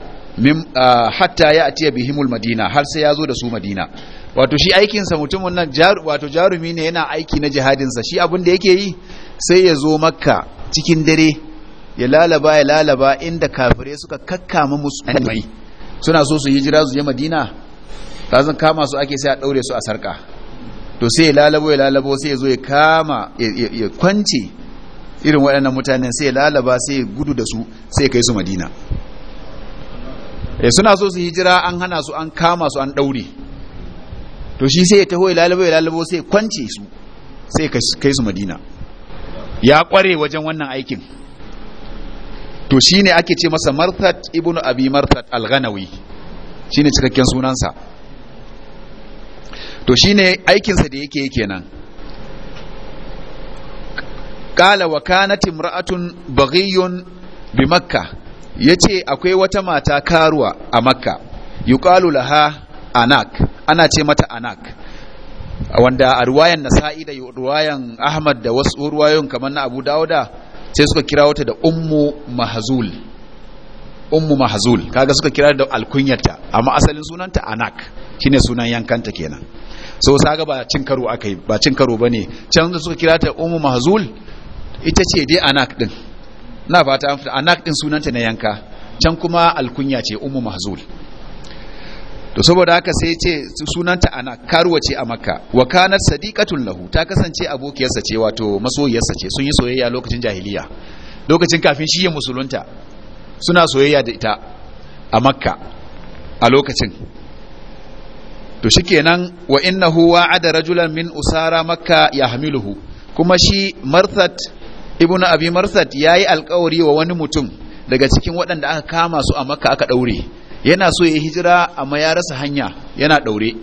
hatta ya atiya bihimul madina har sai ya zo da su madina wato shi aikinsa mutumin nan wato jarumi ne yana aiki na jihadinsa shi abin da yake yi sai ya zo makka cikin dare ya lalaba ya lalaba inda kafirai suka kakkama musulmai suna so su hijira su je madina razan kama su ake sai a daure su a sarka to sai ya lalabo ya lalabo sai ya zo ya kama ya kwance irin waɗannan mutanen sai ya lalaba sai ya gudu da su sai ya kai su madina Eh, suna so su hijira an hana su an kama su an daure to shi sai ya taho ya lalabo ya lalabo sai kwance su sai kai su madina ya kware wajen wannan aikin to shine ake ce masa martat ibnu abi martat al-ghanawi shine cikakken sunansa to shine aikinsa da yake nan. Kala wa kanat imra'atun baghiyun bi makkah ya ce akwai wata mata karuwa a makka yuqalu laha anak ana ce mata anak wanda a ruwayan nasa'i da ruwayan ahmad da wasu ruwayoyin kamar na abu dawuda sai suka kira wata da ummu mahazul ummu mahazul kaga suka kira da alkunyarta amma asalin sunanta anak shine sunan yankanta kenan so saga ba cin karo akai ba cin karo bane can suka kira ta ummu mahazul ita ce dai anak din na fata an fita anak din sunanta na yanka can kuma alkunya ce ummu mahzul to saboda haka sai ya ce sunanta anak karuwa ce a makka wa kanat sadiqatun lahu ta kasance abokiyarsa ce wato masoyiyarsa ce sun yi soyayya lokacin jahiliya lokacin kafin shi ya musulunta suna soyayya da ita a makka a lokacin to shikenan wa innahu wa'ada rajulan min usara makka yahmiluhu kuma shi marthat ibn abi marsad ya yi alkawari wa wani mutum daga cikin waɗanda aka kama su a makka aka ɗaure. yana so ya hijira amma ya rasa hanya yana ɗaure.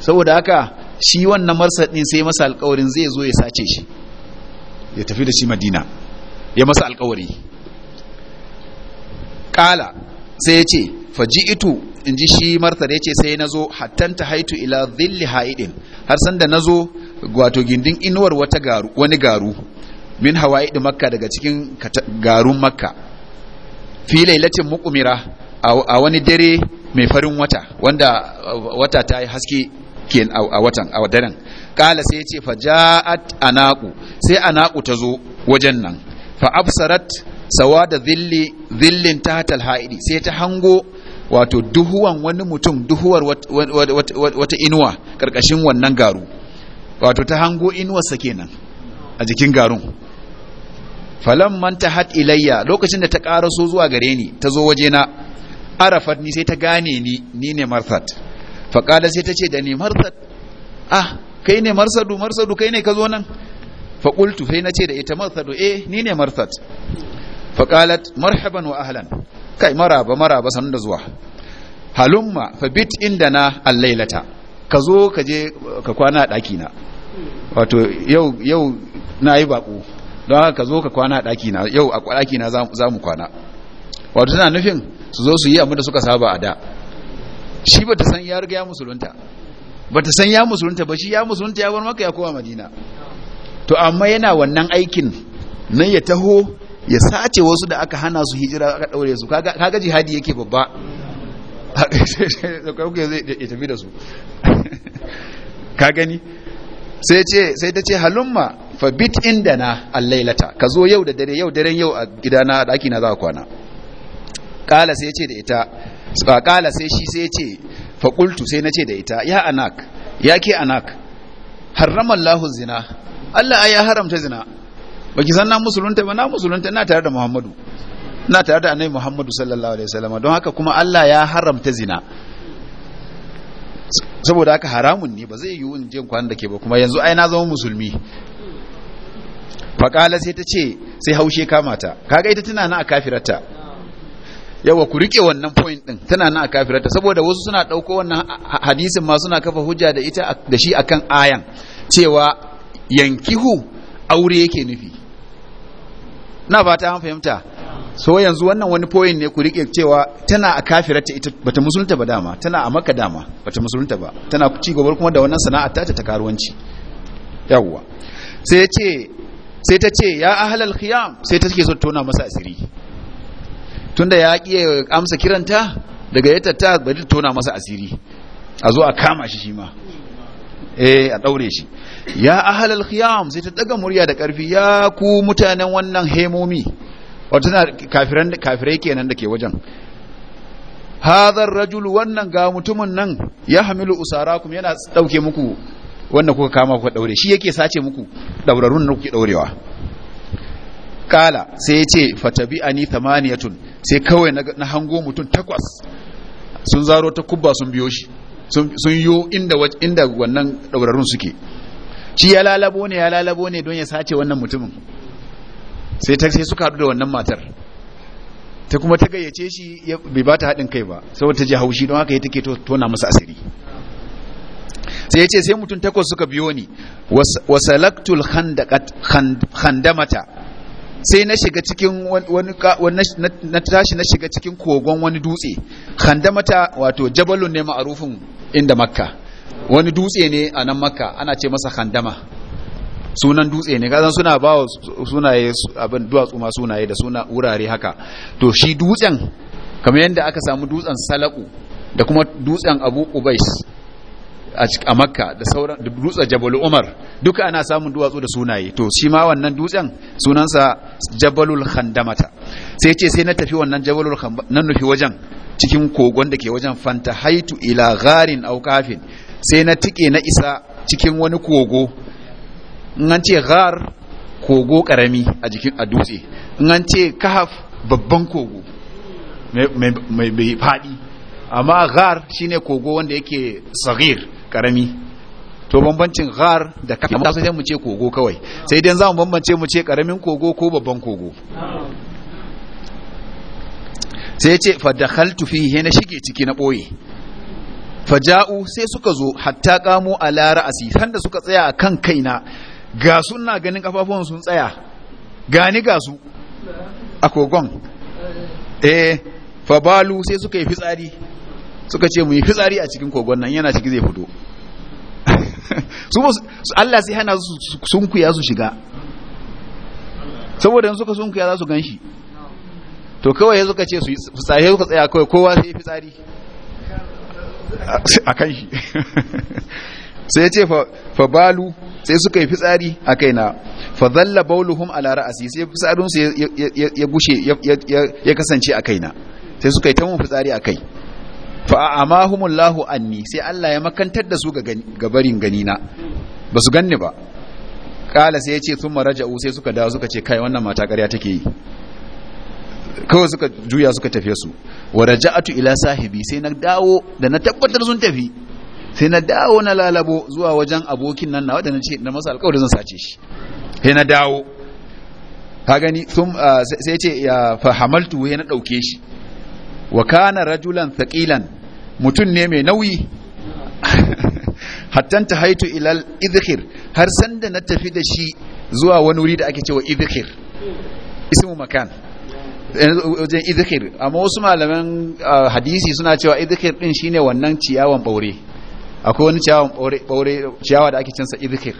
saboda haka shi wannan marsad ɗin sai masa alkawarin zai zo ya sace shi ya tafi da shi madina ya masa alkawari kala sai ya ce faji'itu in ji shi martar ya ce sai na zo hattanta haitu ila zilli ha'idin har sanda na zo wato gindin inuwar wani garu min hawaii makka daga cikin garun makka fi lailatin muqmira a wani dare mai farin wata wanda uh, wata ta yi haske ke a watan a daren kala sai ce fa ja'at anaqu sai anaqu ta zo wajen nan fa absarat sawada dhilli dhillin tahtal haidi sai ta hango wato duhuwan wani mutum duhuwar wata inuwa karkashin wannan garu wato ta hango inuwarsa kenan a jikin garun man manta hat ilayya lokacin da ta so zuwa gare ni ta zo waje na arafat ni sai ta gane ni ni ne marsat faƙala sai ta ce da ni marsat ah kai ne marsadu marsadu kai ne ka zo nan faƙultu sai na ce da ita marsadu eh ni ne marsat faƙalat marhaban wa ahlan kai maraba maraba sanu da zuwa halumma fa bit inda na allailata ka zo ka je ka kwana a ɗakina wato yau yau na yi baƙo don haka ka zo ka kwana a ɗaki na yau a ɗaki na za mu kwana wato tana nufin su zo su yi abin da suka saba a da shi ba ta san ya riga ya musulunta ba ta san ya musulunta ba shi ya musulunta ya bar maka ya kowa madina to amma yana wannan aikin nan ya taho ya sace wasu da aka hana su hijira aka ɗaure su kaga jihadi yake babba ya tafi ka gani sai ta ce halumma fa bit inda na lailata ka zo yau da dare yau daren yau a gidana daki na za ka kwana kala sai ce da ita fa kala sai shi sai ce fa qultu sai nace da ita ya anak ya ke anak harrama Allahu zina Allah ya haramta zina baki san na musulunta ba na musulunta na tare da Muhammadu ina tare da Annabi Muhammadu sallallahu alaihi wasallam don haka kuma Allah ya haramta zina saboda haka haramun ne ba zai yiwu in je kwana da ke ba kuma yanzu ai na zama musulmi faƙala sai ta ce sai haushe kama ta kaga ita tana na a kafirarta yawa ku rike wannan point din tana na a kafirarta saboda wasu suna ɗauko wannan hadisin ma suna kafa hujja da ita da shi akan ayan cewa yankihu aure yake nufi na fata an fahimta so yanzu wannan wani point ne ku rike cewa tana a kafirarta ita bata musulunta ba dama tana a maka dama bata musulunta ba tana ci gobar kuma da wannan sana'a ta ta karuwanci yawa sai ya ce sai ta ce ya ahlal khiyam sai ta ke so tona masa asiri tunda ya ƙi amsa kiranta daga ya tatta bari tona masa asiri a zo a kama shi shi ma eh a daure shi ya ahlal khiyam sai ta daga murya da karfi ya ku mutanen wannan hemomi wato tana kafiran kafirai kenan da ke wajen hadar rajul wannan ga mutumin nan ya hamilu usarakum yana dauke muku Wannan kuka kama kuka daure shi yake sace muku daurarun da kuke daurewa kala sai ya ce ani thamaniyatun sai kawai na hango mutum takwas sun zaro ta kubba sun biyo shi sun yo inda inda wannan daurarun suke shi ya lalabo ne ya lalabo ne don ya sace wannan mutumin sai ta sai suka haɗu da wannan matar ta kuma ta gayyace shi bai ba ta haɗin kai ba saboda ta ji haushi don haka ya take tona masa asiri sai ya ce sai mutum takwas suka biyo ni wasalaktul khandamata sai na shiga cikin wani na tashi na shiga cikin kogon wani dutse khandamata wato jabalun ne ma'arufin inda makka wani dutse ne a nan makka ana ce masa khandama sunan dutse ne kazan suna ba sunaye abin duwatsu ma sunaye da suna wurare haka to shi dutsen kamar yadda aka samu dutsen salaku da kuma dutsen abu ubais a makka da sauran dutsen Jabalul umar duka ana samun duwatsu da sunaye to shi ma wannan dutsen sunansa jabalul khandamata sai ce sai na tafi wannan jabalul nan nufi wajen cikin kogon da ke wajen fanta haitu ila gharin au kafin sai na tike na isa cikin wani kogo in an ce ghar kogo karami a jikin a dutse in an ce kahaf babban kogo mai faɗi amma ghar shine kogo wanda yake sagir karami to bambancin ghar da kafi da sai mu ce kogo kawai sai idan za mu bambance mu ce karamin kogo ko babban kogo sai ce fa dakhaltu fihi na shige ciki na boye faja'u sai suka zo hatta kamo ala ra'asi sanda suka tsaya akan kaina ga sunna ganin kafafuwan sun tsaya gani ga su a kogon eh fabalu sai suka yi fitsari suka ce mu yi fitsari a cikin kogon nan yana ciki zai fito Allah sai hana su sunkuya su shiga saboda in suka sunkuya za su gan shi to kawai ya suka ce su fitsari suka tsaya kawai kowa sai yi fitsari a kan shi sai ce fa balu sai suka yi fitsari a na fa zalla bauluhum ala ra'asi sai fitsarinsu su ya gushe ya kasance a kai na. sai suka yi ta mun fitsari a kai fa amahumullahu anni sai Allah ya makantar da su ga barin gani na ba su ganni ba Ƙala sai ya ce sun maraja'u sai suka dawo suka ce kai wannan mata ƙarya take yi kawai suka juya suka tafiye su wa raja'atu ila sahibi sai na dawo da na tabbatar sun tafi sai na dawo na lalabo zuwa wajen abokin nan na wadanda ce na masa alkawar zan sace shi sai na dawo ha gani sun sai ce ya fahamaltu ya na ɗauke shi wa kana rajulan thaqilan mutum ne mai nauyi hattan ta haitu ilal idhkhir har sanda na tafi da shi zuwa wani wuri da ake cewa idhkhir ismu makan wajen idhkhir amma wasu malaman hadisi suna cewa idhkhir din shine wannan ciyawan baure akwai wani ciyawan baure ciyawa da ake cinsa idhkhir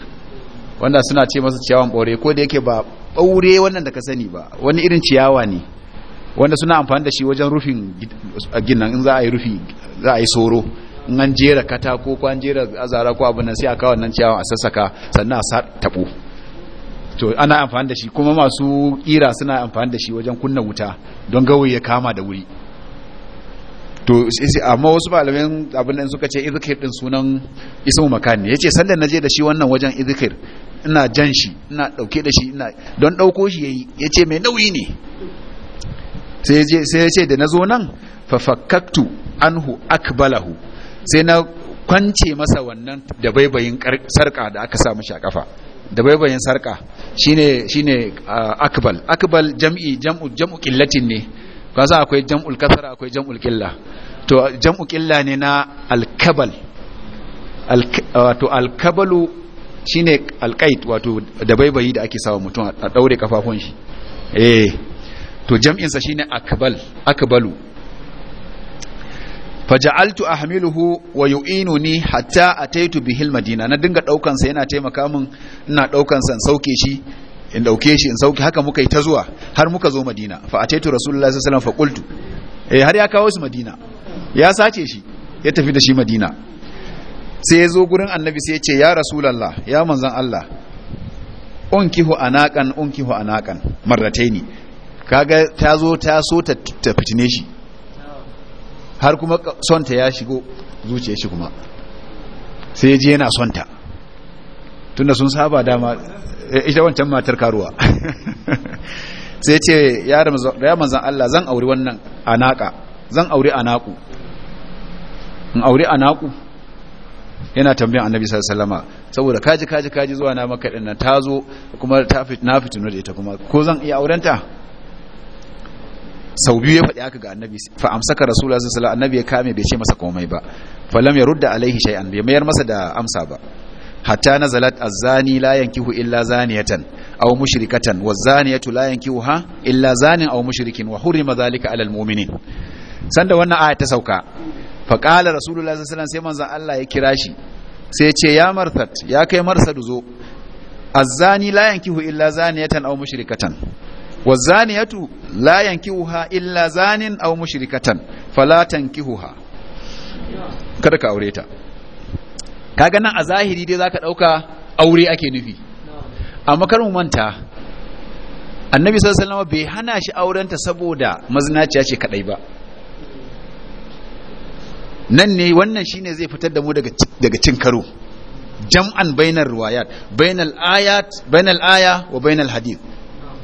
wanda suna ce masa ciyawan baure ko da yake ba baure wannan da ka sani ba wani irin ciyawa ne wanda suna amfani da shi wajen rufin ginnan in za a yi rufi za a yi soro in an jera katako ko an jera azara ko abin nan sai a kawo nan ciyawa a sassaka sannan a taɓo to ana amfani da shi kuma masu kira suna amfani da shi wajen kunna wuta don gawayi ya kama da wuri to amma wasu malamin abin nan suka ce izikir din sunan ismu makani yace sanda naje da shi wannan wajen izikir ina jan shi ina dauke da shi ina don dauko shi yayi yace mai nauyi ne sai ya ce da na zo nan fafakkaktu anhu akbalahu sai na kwance masa wannan da baibayin sarka da aka sa mashi a kafa da baibayin sarka shine shine akbal akbal jam'i jam'u jam'u qillatin ne kaza akwai jam'ul kasara akwai jam'ul qilla to jam'u qilla ne na alkabal wato alkabalu shine alqait wato da baibayi da ake sawa mutum a daure kafafun shi eh to jam'insa shine akbal akbalu faja'altu ahmiluhu wa yu'inuni hatta ataitu bihil madina na dinga daukan sa yana taimaka min ina daukan sa sauke shi in dauke shi in sauke haka muka yi ta zuwa har muka zo madina fa ataitu rasulullahi sallallahu alaihi wasallam fa qultu eh har ya kawo shi madina ya sace shi ya tafi da shi madina sai ya zo gurin annabi sai ya ce ya rasulullah ya manzon Allah unkihu anaqan unkihu anaqan marrataini kaga ta zo ta so ta fitine shi har kuma sonta ya shigo zuciya shi kuma sai ya ji yana sonta tunda sun saba dama eh, ita wancan matar karuwa sai ce ya manzan Allah zan auri wannan anaka zan auri anaku in auri anaku yana tambayan annabi sallallahu alaihi saboda kaji kaji kaji zuwa na maka din nan tazo kuma ta fit na fitinu da ita kuma ko zan iya aurenta sau biyu ya faɗi haka ga annabi fa amsaka rasulullah sallallahu annabi ya kame bai ce masa komai ba falam yarudda alaihi shay'an bai mayar masa da amsa ba hatta nazalat azani zani la yankihu illa zaniyatan aw mushrikatan wa zaniyatu la ha illa zanin aw mushrikin wa hurima zalika 'alal mu'minin sanda wannan aya ta sauka fa qala rasulullah sallallahu alaihi sai manzon Allah ya kira shi sai ya ce ya marsad ya kai marsadu zo azani zani la yankihu illa zaniyatan aw mushrikatan wa zaniyatu la yankihuha illa zanin aw mushrikatan fala kada ka aure ta kaga nan a zahiri dai zaka dauka aure ake nufi amma kar mu manta annabi sallallahu alaihi wasallam bai hana shi aurenta saboda mazinaciya ce kadai ba nan ne wannan shine zai fitar da mu daga daga cin karo jam'an bainar riwayat bainal ayat bainal aya wa bainal hadith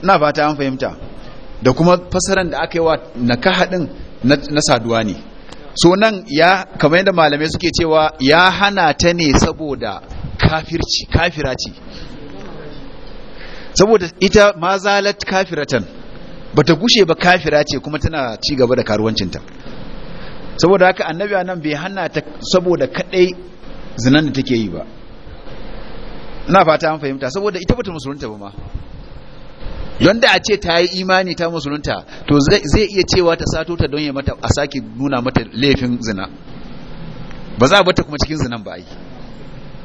na fata an fahimta da kuma fasaran da aka yi wa nakaha din na saduwa ne so nan ya kamar yadda malamai suke cewa ya hana ta ne saboda kafirci kafira ce saboda ita ma zalat kafiratan ta gushe ba kafira ce kuma tana ci gaba da karuwancinta saboda haka annabi nan bai hana ta saboda kadai zinan da take yi ba ina fata an fahimta saboda ita bata musulunta ba ma yanda a ce ta yi imani ta musulunta to zai iya cewa ta sato ta don ya mata a sake nuna mata laifin zina ba za a bata kuma cikin zinan ba yi.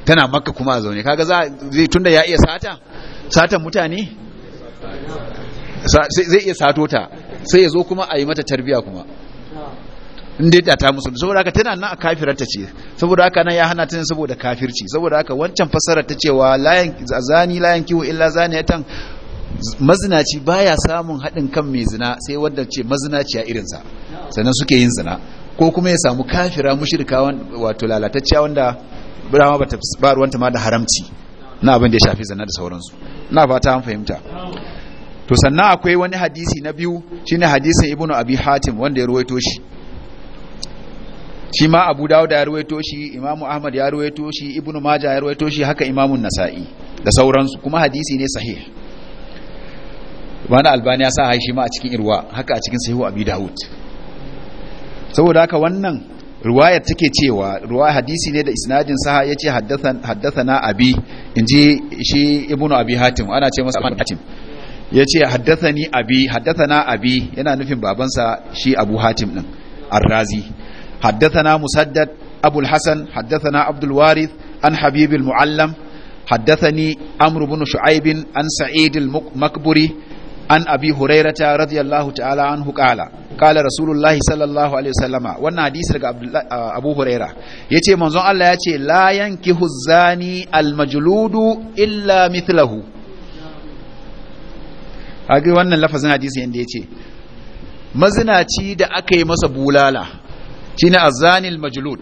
tana maka kuma a zaune kaga za zai tunda ya iya sata satan mutane zai iya sato ta sai ya zo kuma a yi mata tarbiya kuma in dai ta musulunta saboda haka tana nan a kafirarta ce saboda haka nan ya hana ta saboda kafirci saboda haka wancan fasarar ta cewa layan zani layan kiwo illa zani ya tan. mazinaci baya samun haɗin kan mai zina sai wadda ce mazinaciya irinsa sannan suke yin zina ko kuma ya samu kafira mushrika wato lalatacciya wanda birama ba ta ruwanta ma da haramci na abin da ya shafi zina da sauransu na fata an fahimta to sannan akwai wani hadisi na biyu shine hadisin ibnu abi hatim wanda ya ruwaito shi shi ma abu dawud ya ruwaito shi imamu ahmad ya ruwaito shi ibnu maja ya ruwaito shi haka imamun nasa'i da sauransu kuma hadisi ne sahih bana albani ya sa haishi ma a cikin irwa haka a cikin sahihu abi dawud saboda haka wannan riwaya take cewa ruwa hadisi ne da isnadin saha yace haddathana abi inji shi ibnu abi hatim ana ce masa hatim yace haddathani abi haddathana abi yana nufin babansa shi abu hatim din arrazi razi haddathana musaddad abu al haddathana abdul warith an habib al-muallam haddathani amr ibn shu'aib an sa'id al-makburi an abi hurairata radiyallahu ta'ala anhu qala qala rasulullahi sallallahu alaihi wasallama wannan hadisi daga abu huraira yace manzon Allah yace la yanki huzani almajludu illa mithlahu kage wannan lafazin hadisi yanda ce. mazinaci da aka yi masa bulala shine azani almajlud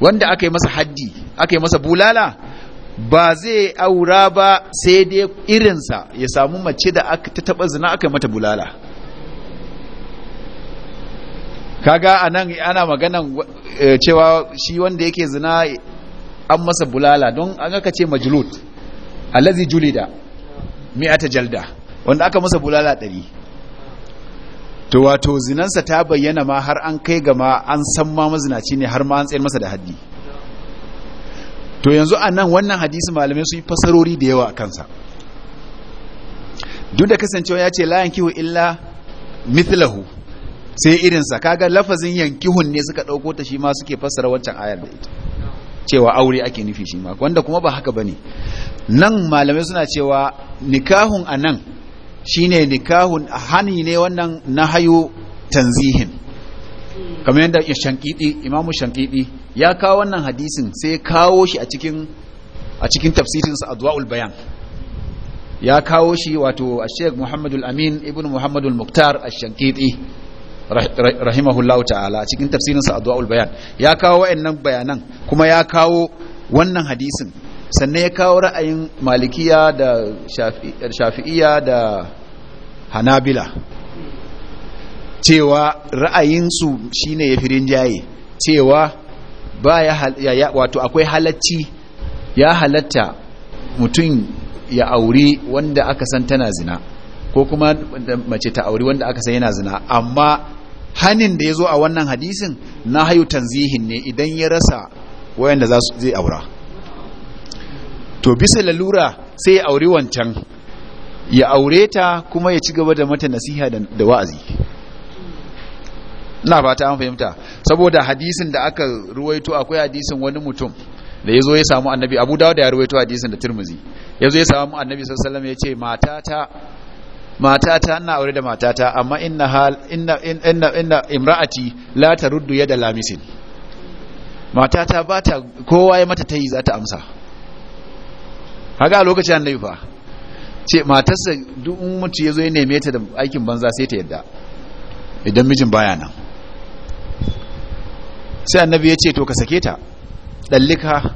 wanda aka yi masa haddi aka yi masa bulala ba zai aura ba sai dai irinsa ya samu mace da aka ta taba zina aka mata bulala kaga anan ana maganan eh, cewa shi wanda yake zina an masa bulala don an aka ce A allazi julida mi'ata jalda wanda aka masa bulala ɗari to wato zinansa ta bayyana ma har an kai gama an san ma mazinaci ne har ma an tsayar masa da haddi to yanzu a nan wannan hadisi malamai sun yi fasarori da yawa a kansa duk da kasancewa ya ce layan kihu illa mithlahu sai irinsa kaga lafazin yankihun ne suka ɗauko ta shi ma suke fasara wancan ayar da ita cewa aure ake nufi shi ma wanda kuma ba haka bane nan malamai suna cewa nikahun a nan shine nikahun hani ne wannan na hayo tanzihin kamar yadda imamu shankidi ya kawo wannan hadisin sai kawo shi a cikin a cikin tafsirinsa adwaul bayan ya kawo shi wato Sheikh Muhammadul Amin ibn Muhammadul Muktar Ash-Shankiti rahimahullahu ta'ala a cikin tafsirinsa adwaul bayan ya kawo wayannan bayanan kuma ya kawo wannan hadisin sannan ya kawo ra'ayin malikiya da shafi'iya da hanabila cewa ra'ayinsu shine ya firin rinjaye cewa ba ya wato akwai halacci ya halatta mutum ya auri wanda aka san tana zina ko kuma mace ta auri wanda aka san yana zina amma hanin da ya zo a wannan hadisin na hayu tanzihin ne idan ya rasa wayanda za su zai aura to bisa lalura sai ya auri wancan ya aure ta kuma ya ci gaba da mata nasiha da wa'azi na fata an fahimta saboda hadisin da aka ruwaito akwai hadisin wani mutum da ya zo ya samu annabi abu dawud ya ruwaito hadisin da turmuzi ya zo ya samu annabi sallallahu ya ce matata matata ina aure da matata amma inna hal inna inna inna imra'ati la taruddu yada lamisin matata ba ta kowa ya mata tayi za ta amsa kaga a lokacin annabi fa ce matarsa duk mutu ya zo ya neme ta da aikin banza sai ta yadda idan mijin baya nan sai annabi ya ce to ka sake ta ɗallika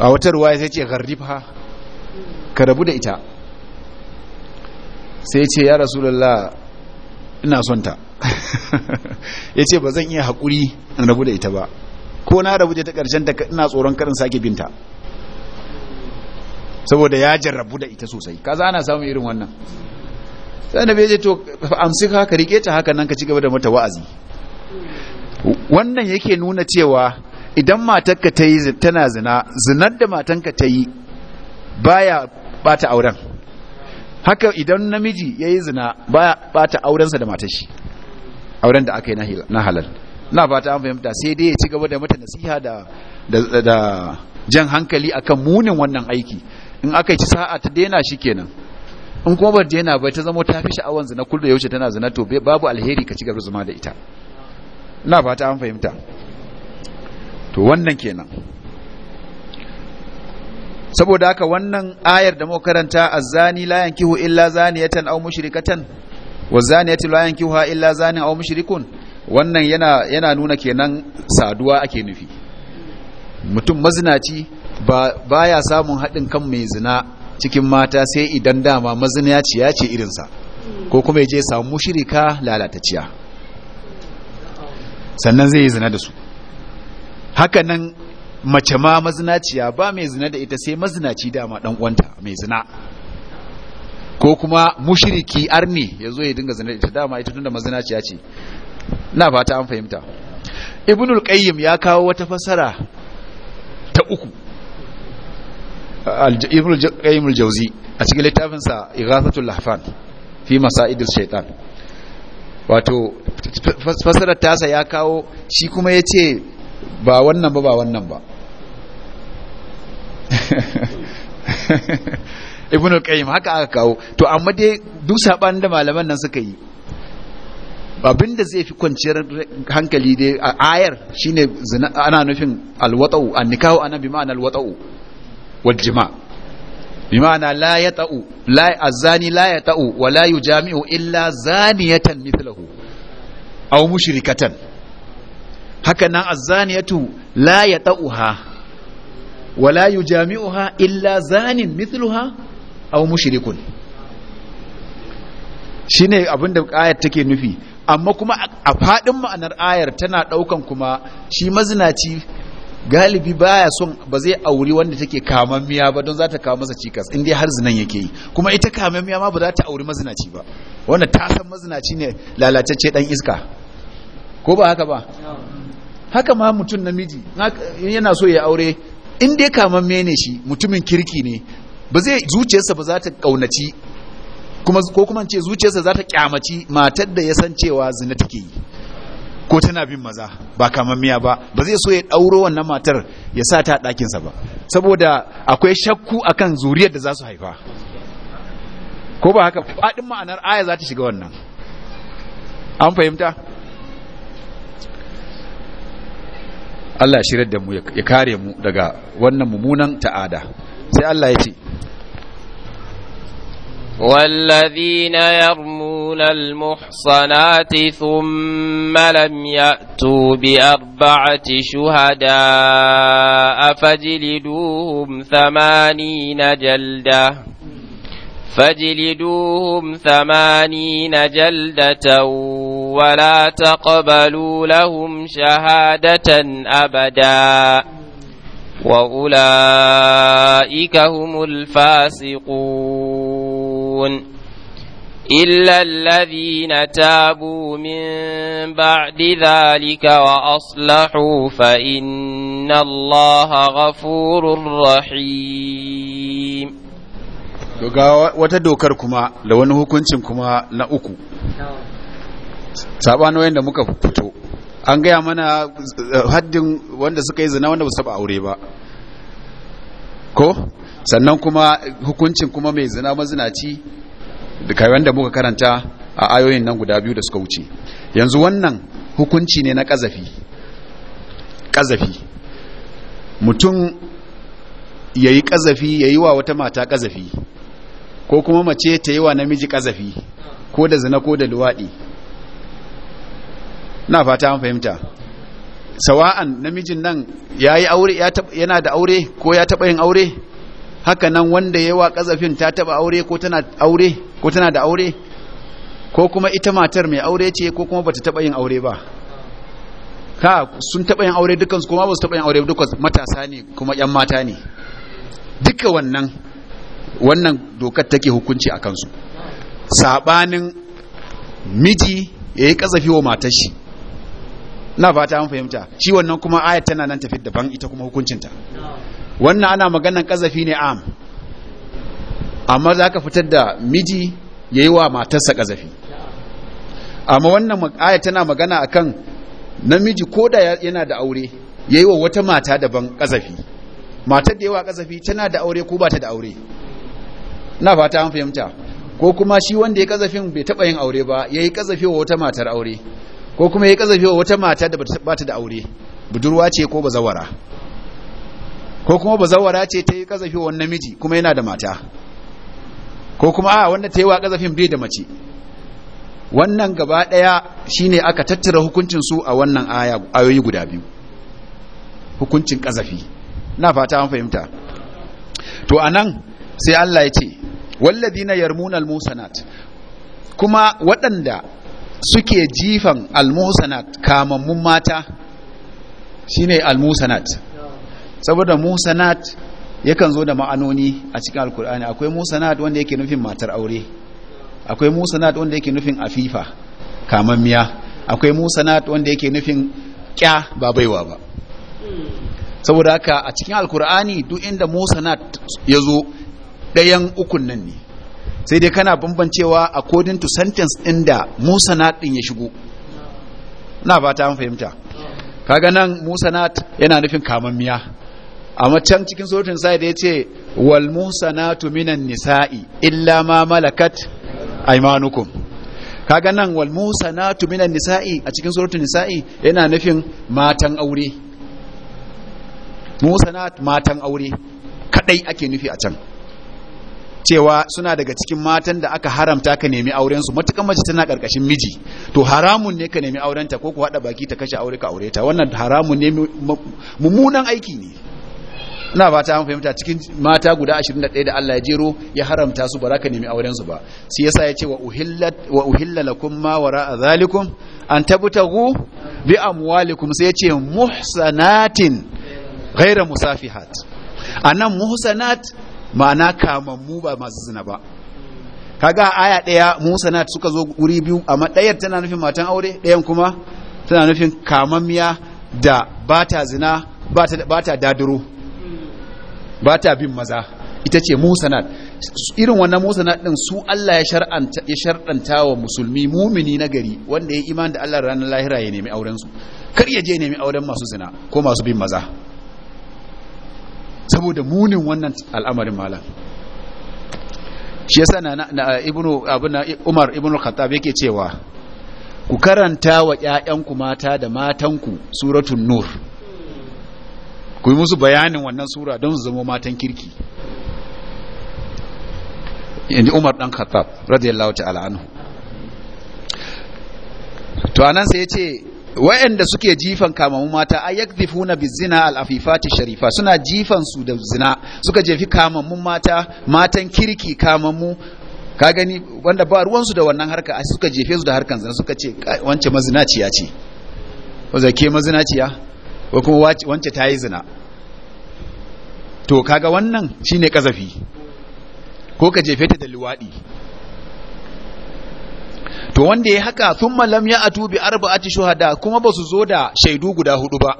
a wata ruwa sai ce garrifa ka rabu da ita sai ce ya rasulallah ina son ta ya ce ba zan iya haƙuri in rabu da ita ba ko na rabu da ta ƙarshen ta ina tsoron karin sake binta saboda ya jarrabu da ita sosai kaza ana samun irin wannan sai da bai ce to amsi ka riƙe ta haka nan ka ci gaba da mata wa'azi wannan yake nuna cewa idan matarka ta yi tana zina zinar da matanka ta yi baya bata auren haka idan namiji ya yi zina baya bata aurensa da matashi auren da aka yi na halal na fata an fahimta sai dai ya ci gaba da mata nasiha da da jan hankali akan munin wannan aiki in aka yi sa'a ta daina shi kenan in kuma ba daina ba ta zama ta fi sha'awan zina kullu yaushe tana zina to babu alheri ka ci gaba zama da ita na fata an fahimta to wannan kenan saboda haka wannan ayar da muka karanta azzani la yankihu illa zaniyatan aw mushrikatan wa zaniyatu la yankihuha illa zanin aw mushrikun wannan yana yana nuna kenan saduwa ake nufi mutum mazinaci ba baya samun haɗin kan mai zina cikin mata sai idan dama ya ce irinsa ko kuma ya je samu mushrika lalatacciya sannan zai yi zina da su haka nan mace ma mazinaciya ba mai zina da ita sai mazinaci dama dan uwanta mai zina ko kuma mushriki arni ya zo ya dinga zina da ita dama ita tunda mazinaciya ce na fata an fahimta ibnul qayyim ya kawo wata fasara ta uku ibnul qayyim al-jawzi a cikin littafin sa ighathatul lahfan fi masaidil shaytan wato fasarar tasa ya kawo shi kuma ya ce ba wannan ba ba wannan ba ibn al-qayyim haka aka kawo to amma dai duk sabanin da malaman nan suka yi abinda zai fi kwanciyar hankali dai a ayar shine ana nufin alwata'u an nikahu ana bi ma'ana alwata'u wal bimana la ya ta'u la azani la ya ta'u wa la yujami'u illa zaniyatan mithlahu aw mushrikatan haka nan azaniyatu la ya ta'u ta'uha wa la ha? illa zanin mithluha shirikun? Shi ne abinda ayar take nufi amma kuma a fadin ma'anar ayar tana ɗaukan kuma shi mazinaci galibi baya son ba zai auri wanda take kamammiya ba don za ta kawo masa cikas in dai har zinan yake yi kuma ita kamammiya ma ba za ta auri mazinaci ba wanda ta san mazinaci ne lalatacce dan iska ko ba haka ba haka ma mutum namiji yana so ya aure in dai kamamme ne shi mutumin kirki ne ba zai zuciyarsa ba za ta kaunaci kuma ko kuma ce zuciyarsa za ta kyamaci matar da ya san cewa zina take yi ko tana bin maza ba miya ba ba zai so ya ɗauro wannan matar ya sa ta ɗakinsa ba saboda akwai shakku akan zuriyar da za su haifa ko ba haka faɗin ma'anar aya za ta shiga wannan an fahimta Allah shirar da mu ya kare mu daga wannan mummunan ta'ada sai Allah ya ce والذين يرمون المحصنات ثم لم يأتوا بأربعة شهداء فجلدوهم ثمانين جلدة فاجلدوهم ثمانين جلدة ولا تقبلوا لهم شهادة أبدا وأولئك هم الفاسقون يشركون إلا الذين تابوا من بعد ذلك وأصلحوا فإن الله غفور رحيم ga wata dokar kuma da wani hukuncin kuma na uku sabanin wanda muka fito an gaya mana eh, haddin wanda suka yi zina wanda ba su aure ba ko sannan kuma hukuncin kuma mai zina mazinaci da kayan da muka karanta a ayoyin nan guda biyu da suka wuce yanzu wannan hukunci ne na kazafi kazafi mutum ya yi kazafi ya yi wa wata mata kazafi ko kuma mace ta yi wa namiji kazafi ko da zina ko da luwaɗi na fata an fahimta sawa'an namijin nan ya yi aure yana da aure ko ya taɓa yin aure haka nan wanda yawa ƙazafin ta taɓa aure ko tana aure ko tana da aure ko kuma ita matar mai aure ce ko kuma bata taɓa yin aure ba ka sun taɓa yin aure dukkan su kuma ba su taɓa yin aure dukkan matasa ne kuma yan mata ne duka wannan wannan dokar take hukunci a kansu saɓanin miji ya yi ƙazafi wa matar shi na fata an fahimta shi wannan kuma ayat tana nan tafi daban ita kuma hukuncinta wannan ana maganan kazafi ne am amma za ka fitar da miji ya yi wa matarsa kazafi amma wannan aya tana magana a kan namiji ko da yana da aure ya yi wa wata mata daban kazafi matar da yawa kazafi tana da aure ko ba ta da aure na fata an fahimta ko kuma shi wanda ya kazafin bai taɓa yin aure ba ya yi kazafi wa wata matar aure ko kuma ya yi kazafi wa wata mata da ba ta da aure budurwa ce ko ba zawara? ko kuma bazawara ce ta yi kazafi wani namiji kuma yana da mata ko kuma a wanda ta yi wa kazafin bai da mace wannan gaba ɗaya ne aka tattara hukuncinsu a wannan ayoyi guda biyu hukuncin kazafi na fata an fahimta to a nan sai Allah ya ce walladina yarmuna almusanat kuma waɗanda suke jifan almusanat kamammun mata shine almusanat saboda musanat yakan zo da ma'anoni a cikin alkur'ani akwai musanat wanda yake nufin matar aure akwai musanat wanda yake nufin afifa kamammiya akwai musanat wanda yake nufin kya ba baiwa ba saboda haka a cikin alkur'ani duk inda musanat ya zo ɗayan ukun nan ne sai dai kana bambancewa according to sentence inda musanat ɗin ya shigo na ba ta fahimta kaga nan musanat yana nufin kamammiya amma can cikin surutun sa da ce wal musanatu minan nisa'i illa ma malakat aymanukum kaga nan wal musanatu minan nisa'i a cikin surutun nisa'i yana nufin matan aure musanat matan aure kadai ake nufi a can cewa suna daga cikin matan da aka haramta ka nemi auren su matukan mace tana karkashin miji to haramun ne ka nemi aurenta ko ku hada baki ta kashe aure ka aure ta wannan haramun ne mummunan aiki ne ina ba ta an fahimta cikin mata guda 21 da Allah ya jero ya haramta su ba za ka nemi auren su ba sai yasa ya ce wa uhillat wa uhilla lakum ma zalikum an tabtagu bi amwalikum sai ya ce muhsanatin ghaira musafihat anan muhsanat ma'ana kamammu ba masu zina ba kaga aya daya muhsanat suka zo guri biyu amma dayar tana nufin matan aure dayan kuma tana nufin kamammiya da bata zina bata bata ba ta bin maza ita ce musanat irin wannan musanat din su Allah ya shar'anta ya shar'anta wa musulmi mumini na gari wanda ya iman da Allah ranar lahira ya nemi auren su kar ya je nemi auren masu zina ko masu bin maza saboda munin wannan al'amarin malam shi yasa na, na ibnu na Umar ibnu Khattab yake cewa ku karanta wa ƴaƴanku mata da matanku suratul nur ku yi musu bayanin wannan sura don su zama matan kirki inji umar dan khattab radiyallahu ta'ala anhu to anan sai ce, wayanda suke jifan kamamu mata ayyakdhifuna bizina al-afifati sharifa suna jifan su da zina suka jefi kamamu mata matan kirki kamamu ka gani wanda ba ruwansu da wannan harka suka jefe su da harkan zina suka ce wance mazinaciya ce wazake mazinaciya ko kuma wance ta yi zina to kaga wannan shine kazafi ko ka jefe ta da luwaɗi to wanda ya haka sun malam ya atu bi arba'ati shuhada kuma ba su zo da shaidu guda hudu ba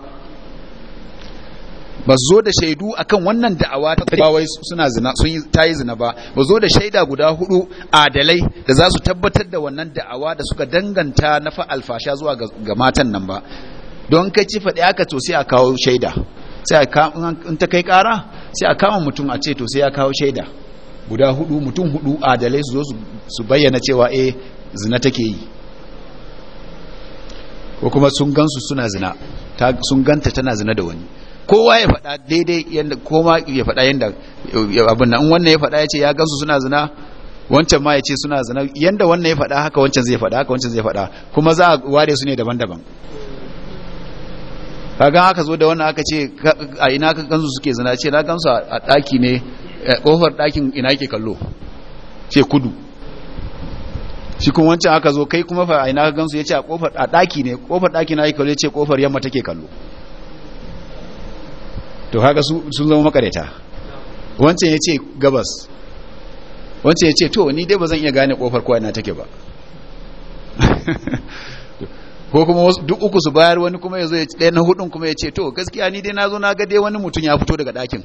ba zo da shaidu akan wannan da'awa ta bawai suna zina sun yi zina ba ba zo da shaida guda hudu adalai da za su tabbatar da wannan da'awa da suka danganta na fa'alfasha alfasha zuwa ga matan nan ba don ka ci faɗi aka to sai a kawo shaida sai in ta kai ƙara sai a kama mutum a ce to sai ya kawo shaida guda hudu mutum hudu adalai su zo su bayyana cewa eh zina take yi ko kuma sun gansu suna zina sun ganta tana zina da wani kowa ya faɗa daidai yadda koma ya faɗa yadda abin nan wannan ya faɗa ya ce ya gansu suna zina wancan ma ya ce suna zina yadda wannan ya faɗa haka wancan zai faɗa haka wancan zai faɗa kuma za a ware su ne daban-daban kaga haka zo da wannan aka ce a ina ka gansu suke zina ce na gansu a daki ne kofar eh, dakin ina ke kallo ce kudu shi kuma wancan aka zo kai kuma fa a ina ka gansu yace a kofar a daki ne kofar daki na ke kallo yace kofar yamma take kallo to kaga su sun zama makareta wancan yace gabas wancan yace to ni dai bazan iya gane kofar kowa ina take ba ko kuma duk uku su bayar wani kuma ya zo ya ɗaya na hudun kuma ya ce to gaskiya ni dai na zo na ga dai wani mutum ya fito daga ɗakin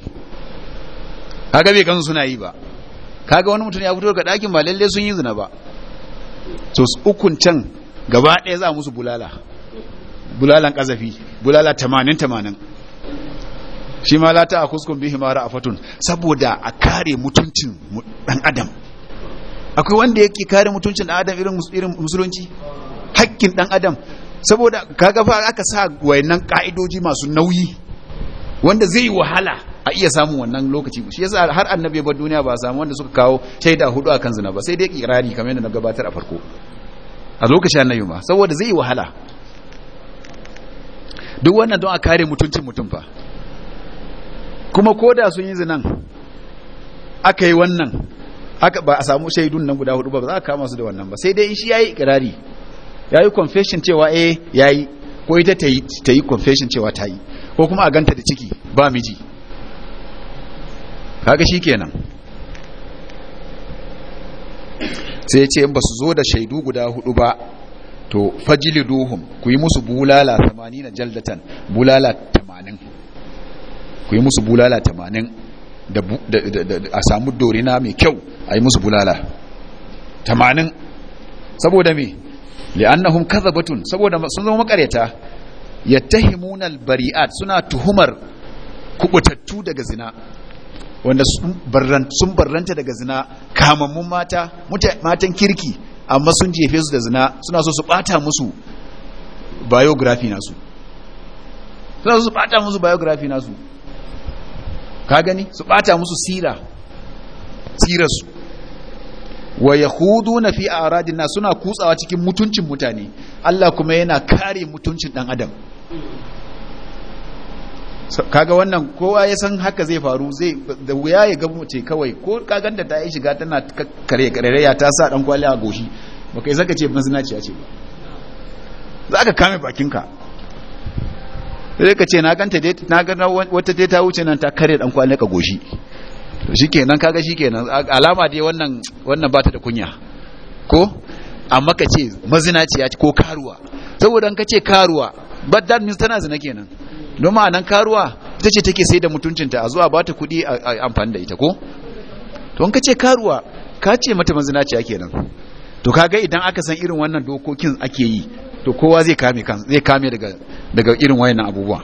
kaga bai kansu suna yi ba kaga wani mutum ya fito daga ɗakin ba lalle sun yi zina ba to ukun can gaba ɗaya za musu bulala bulalan kazafi bulala tamanin tamanin shi ma lata a kuskun bihi mara a fatun saboda a kare mutuncin ɗan adam akwai wanda yake kare mutuncin ɗan adam irin musulunci hakkin ɗan adam saboda kaga fa aka sa wayannan ka'idoji masu nauyi wanda zai wahala a iya samun wannan lokaci shi yasa har annabi ya bar duniya ba samu wanda suka kawo shaida hudu akan zina ba sai dai kirari kamar yadda na gabatar a farko a lokacin annabi ma saboda zai wahala duk wannan don a kare mutuncin mutum fa kuma ko da sun yi zinan aka yi wannan aka ba a samu shaidun nan guda hudu ba ba za a kama su da wannan ba sai dai in shi yayi kirari Ya yi confession cewa eh yi, ko ita ta yi confession cewa ta yi ko kuma a ganta da ciki ba miji kaga kenan. sai ce in ba su zo da shaidu guda hudu ba to fajliduhum ku yi musu bulala 80 jaldatan bulala 80 ku yi musu bulala 80 a samu dorina mai kyau a yi musu bulala 80 saboda me li'annahum kadhabatun saboda sun zama makareta yattahimuna albari'at suna tuhumar kubutattu daga zina wanda sun barranta daga zina kamammun mata matan kirki amma sun jefe su da zina suna so su bata musu biography nasu suna so su bata musu biography nasu ka gani su bata musu sira sirarsu wa Yahudu na fi aradin na suna kutsawa cikin mutuncin mutane Allah kuma yana kare mutuncin dan adam kaga wannan kowa ya san haka zai faru zai da wuya ya ga mace kawai ko kagan da ta yi shiga tana kare ya ta sa dan kwali a goshi baka yi zaka ce zinaciya ce ba za ka kame bakinka sai ka ce na ganta na ga wata ta wuce nan ta kare dan kwali ka goshi shi kenan kaga kenan alama dai wannan wannan bata da kunya ko amma ka ce ci ko karuwa saboda an ka ce karuwa but that means tana zina kenan don ma'anan karuwa ita ce take sai da mutuncinta a zuwa bata kuɗi a amfani da ita ko to an ka ce karuwa ka ce mata mazinaciya kenan to kaga idan aka san irin wannan dokokin ake yi to kowa zai kame kan zai kame daga daga irin wayannan abubuwa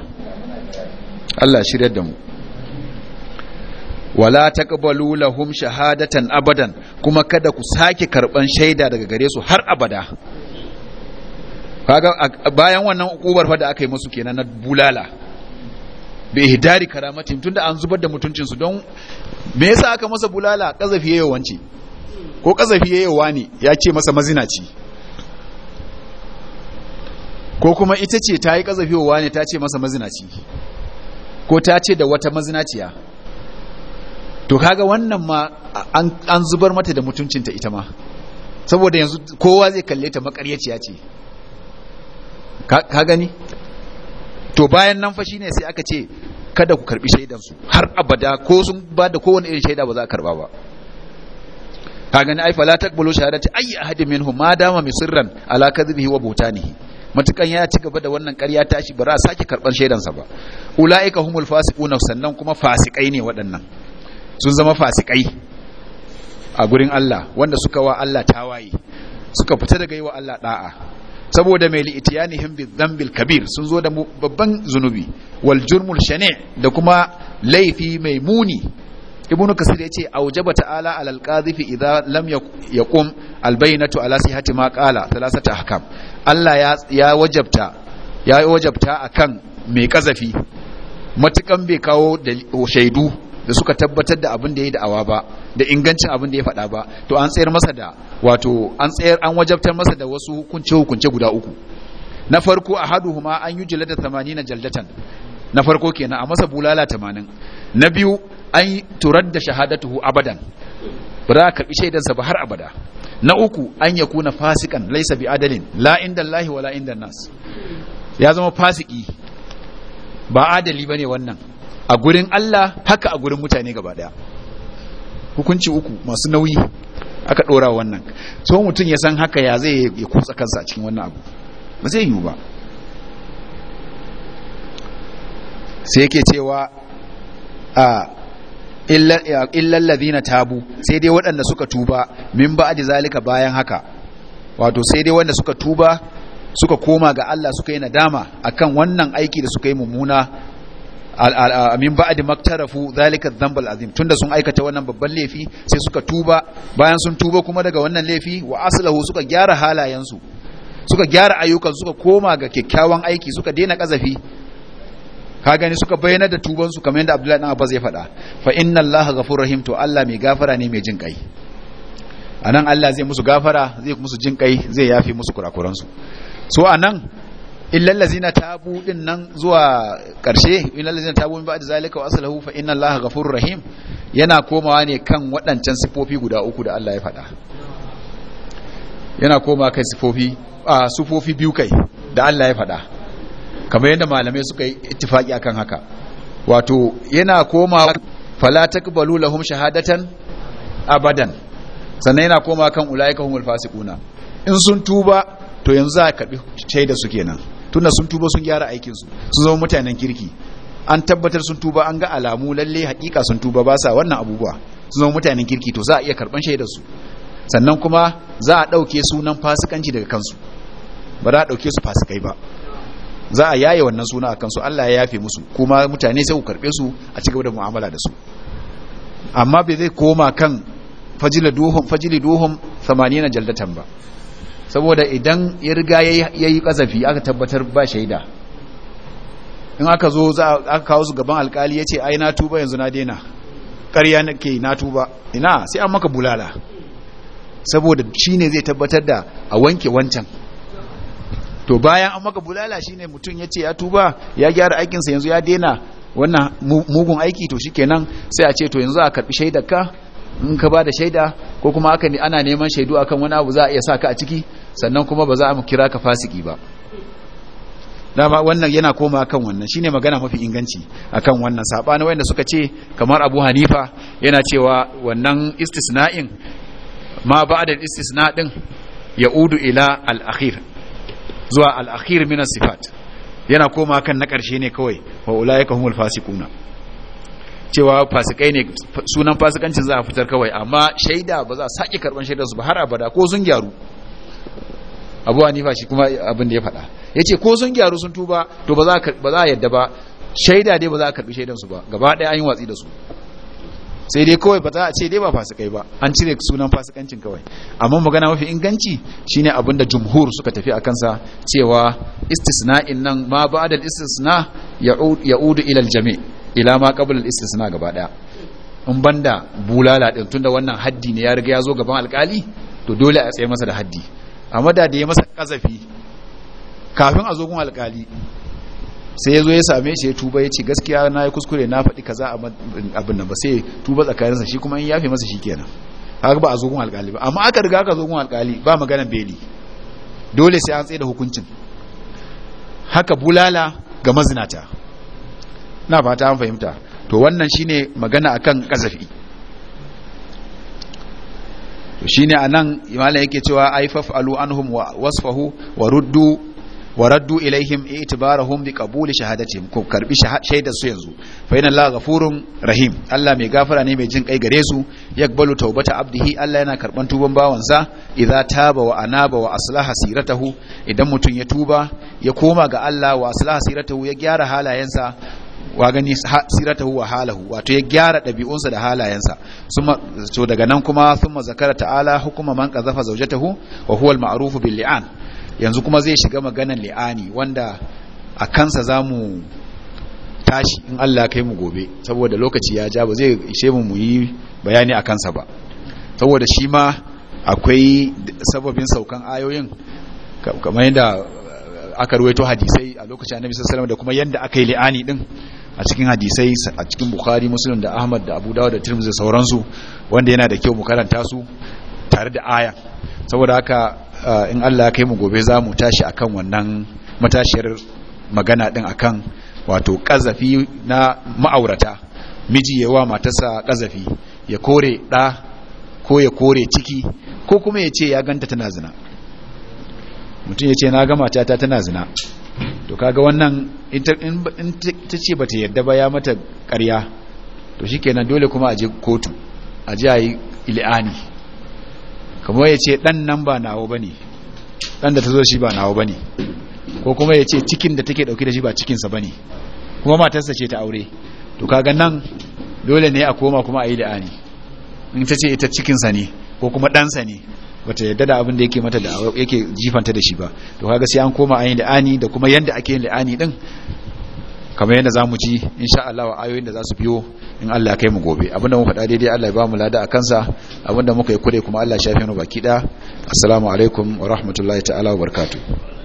Allah shiryar da mu wala taqbalu lahum shahadatan abadan kuma kada ku sake karban shaida daga gare su har abada kaga bayan wannan ukubar fa da aka yi musu kenan na bulala bi ihdari karamatin tunda an zubar da mutuncin su don me yasa aka masa bulala kazafi yayi wance ko kazafi yayi wani ya ce masa mazina mazinaci ko kuma ita ce ta yi kazafi wa wani ta ce masa mazina mazinaci ko ta ce da wata mazinaciya to kaga wannan ma an zubar mata da mutuncinta ita ma saboda yanzu kowa zai kalle ta makaryaciya ce ka gani to bayan nan fashi ne sai aka ce kada ku karbi shaidan su har abada ko sun ba da kowane irin shaida ba za a karba ba ka gani ai fala taqbulu shahadati ayi ahadin minhum ma dama misirran ala kadhibihi wa butanihi matukan ya ci gaba da wannan ƙarya tashi ba za a sake karban shaidan sa ba ulaika humul fasiquna sannan kuma fasikai ne waɗannan sun zama fasikai a gurin Allah wanda suka wa Allah tawaye suka fita daga yi wa Allah da'a saboda mai li'tiyanihim bidhanbil kabir sun zo da babban zunubi wal jurmul shani' da kuma laifi mai muni ibnu kasir yace aujaba ta'ala alal qadhifi idza lam yaqum al bayyinatu ala sihhati ma qala thalathata ahkam Allah ya wajabta ya wajabta akan mai kazafi matukan bai kawo da shaidu da suka tabbatar da abin da ya yi da'awa ba da ingancin abin da ya faɗa ba to an tsayar masa da wato an tsayar an wajabtar masa da wasu hukunce hukunce guda uku na farko a huma an yi jilada na jaldatan na farko kenan a masa bulala tamanin na biyu an turar da shahadatuhu abadan ba za a karɓi shaidansa ba har abada na uku an ya kuna fasikan laisa bi adalin la inda lahi wa la inda nas ya zama fasiki ba adali ba ne wannan a gurin Allah haka a gurin mutane gaba daya hukunci uku masu nauyi aka dora wannan so mutum ya san haka ya zai ya kutsa kansa a cikin wannan abu ba zai yiwu ba sai yake cewa a illal ladina tabu sai dai waɗanda suka tuba min ba'di zalika bayan haka wato sai dai wanda suka tuba suka koma ga Allah suka yi nadama akan wannan aiki da suka yi mummuna Amin ba da maktarafu zalika zambal azim tunda sun aikata wannan babban laifi sai suka tuba bayan sun tuba kuma daga wannan laifi wa aslahu suka gyara halayensu suka gyara ayyukan suka koma ga kyakkyawan aiki suka daina kazafi ka gani suka bayyana da tuban su kamar yadda Abdullahi dan Abbas ya faɗa fa inna Allaha ghafurur rahim to Allah mai gafara ne mai jin kai anan Allah zai musu gafara zai musu jin kai zai yafi musu kurakuran su so anan ladzina tabu din nan zuwa karshe ladzina tabu min ba'da zalika wa aslahu fa inna allaha ghafurur rahim yana komawa ne kan waɗancan sifofi guda uku da Allah ya faɗa yana koma kai sifofi a sifofi biyu kai da Allah ya faɗa kamar yadda malamai suka yi ittifaki akan haka wato yana komawa fala takbalu lahum shahadatan abadan sannan yana koma kan ulaika humul fasiquna in sun tuba to yanzu za a karbi shaida su kenan tunda sun tuba sun gyara su sun zama mutanen kirki an tabbatar sun tuba an ga alamu lalle hakika sun tuba ba sa wannan abubuwa sun zama mutanen kirki to za a iya karban su sannan kuma za a ɗauke sunan fasikanci daga kansu ba za a ɗauke su fasikai ba za a yaye wannan suna a kansu Allah ya yafe musu kuma mutane sai ku karbe su a cigaba da mu'amala da su amma bai zai koma kan fajili duhum fajilu duhum 80 jaldatan ba saboda idan ya riga ya yi kazafi aka tabbatar ba shaida in aka zo za aka kawo su gaban alkali ya ce ai na tuba yanzu na daina ƙarya ke na tuba ina sai an maka bulala saboda shi ne zai tabbatar da a wanke wancan to bayan an maka bulala shi ne mutum ya ce ya tuba ya gyara aikinsa yanzu ya daina wannan mugun aiki to shi kenan sai a ce to yanzu a karɓi shaidarka in ka ba da shaida ko kuma aka ana neman shaidu akan wani abu za a iya sa ka a ciki sannan kuma ba za a kira ka fasiki ba dama wannan yana koma akan wannan shine magana mafi inganci akan wannan sabani wanda suka ce kamar Abu Hanifa yana cewa wannan istisna'in ma ba'da istisna din yaudu ila al-akhir zuwa al-akhir min as-sifat yana koma akan na karshe ne kawai wa ulaika humul fasiquna cewa fasikai ne sunan fasikancin za a fitar kawai amma shaida ba za a sake karban shaidar su ba har abada ko sun gyaru abu hanifa shi kuma abin da ya faɗa ya ce ko sun gyaru sun tuba to ba za a yadda ba shaida dai ba za a karbi shaidansu ba gaba ɗaya an yi watsi da su sai dai kawai ba za a ce dai ba fasikai ba an cire sunan fasikancin kawai amma magana mafi inganci shine abin da jumhur suka tafi a kansa cewa istisna'in nan ma ba'da istisna ya'udu ila jami' ila ma qabla al-istisna gaba daya in banda bulala din tunda wannan haddi ne ya riga ya zo gaban alkali to dole a tsaye masa da haddi amma da da ya masa kazafi kafin a zo gun alkali sai ya zo ya same shi ya tuba ya ce gaskiya na yi kuskure na faɗi kaza abin nan ba sai tuba tsakaninsa shi kuma in yafe masa shi kenan haka ba a zo gun alkali ba amma aka riga aka zo gun alkali ba magana beli dole sai an tsaye da hukuncin haka bulala ga mazinata na fata an fahimta to wannan shine magana akan kazafi to shine anan imala yake cewa aifaf alu anhum wa wasfahu wa ruddu wa raddu ilaihim i'tibarahum bi qabuli shahadatihim ko karbi shaidar su yanzu fa inna allaha ghafurun rahim Allah mai gafara ne mai jin kai gare su yakbalu taubata abdihi Allah yana karban tuban bawansa idza taba wa anaba wa aslaha siratahu idan mutun ya tuba ya koma ga Allah wa aslaha siratahu ya gyara halayensa wa gani siratahu wa halahu wato ya gyara ɗabi'unsa da halayensa kuma to daga nan kuma thumma zakara ta'ala hukuma man qazafa zawjatahu wa huwa al-ma'ruf bil li'an yanzu kuma zai shiga maganan li'ani wanda a kansa zamu tashi in Allah kai mu gobe saboda lokaci ya ja ba zai ishe mu yi bayani a kansa ba saboda shi ma akwai sababin saukan ayoyin kamar yadda aka ruwaito hadisai a lokacin annabi sallallahu alaihi wasallam da kuma yanda aka yi li'ani din a cikin hadisai a cikin bukhari Musulun da ahmad da abu dawa da tirmidhi da sauransu wanda yana da kyau mu karanta su tare da aya saboda haka uh, in Allah ya kai mu gobe za mu tashi akan wannan matashiyar magana din akan wato kazafi na ma'aurata miji ya wa matarsa kazafi ya kore ɗa ko ya kore ciki ko kuma ya ce ya ganta tana zina mutum ya ce na ga matata tana zina to kaga wannan in ta ce ba ta yadda ba ya mata karya to shi kenan dole kuma a je kotu a ji a yi il'ani kamar ya ce ɗan nan ba nawo ba ne ɗan da ta zo shi ba nawo ba ne ko kuma ya ce cikin da take ɗauki da shi ba cikinsa ba ne kuma matarsa ce ta aure to kaga nan dole ne a koma kuma a yi la'ani in ta ce ita cikinsa ne ko kuma ɗansa ne bata yadda da abin da yake mata da yake jifanta da shi ba to kaga sai an koma ayin la'ani da kuma yanda ake yin la'ani din kamar yadda zamu ji insha Allah wa ayoyin da za su biyo in Allah ya kai mu gobe abinda mun faɗa daidai Allah ya ba mu lada akan sa abinda muka yi kure kuma Allah ya shafe mu baki da assalamu alaikum wa rahmatullahi ta'ala wa barakatuh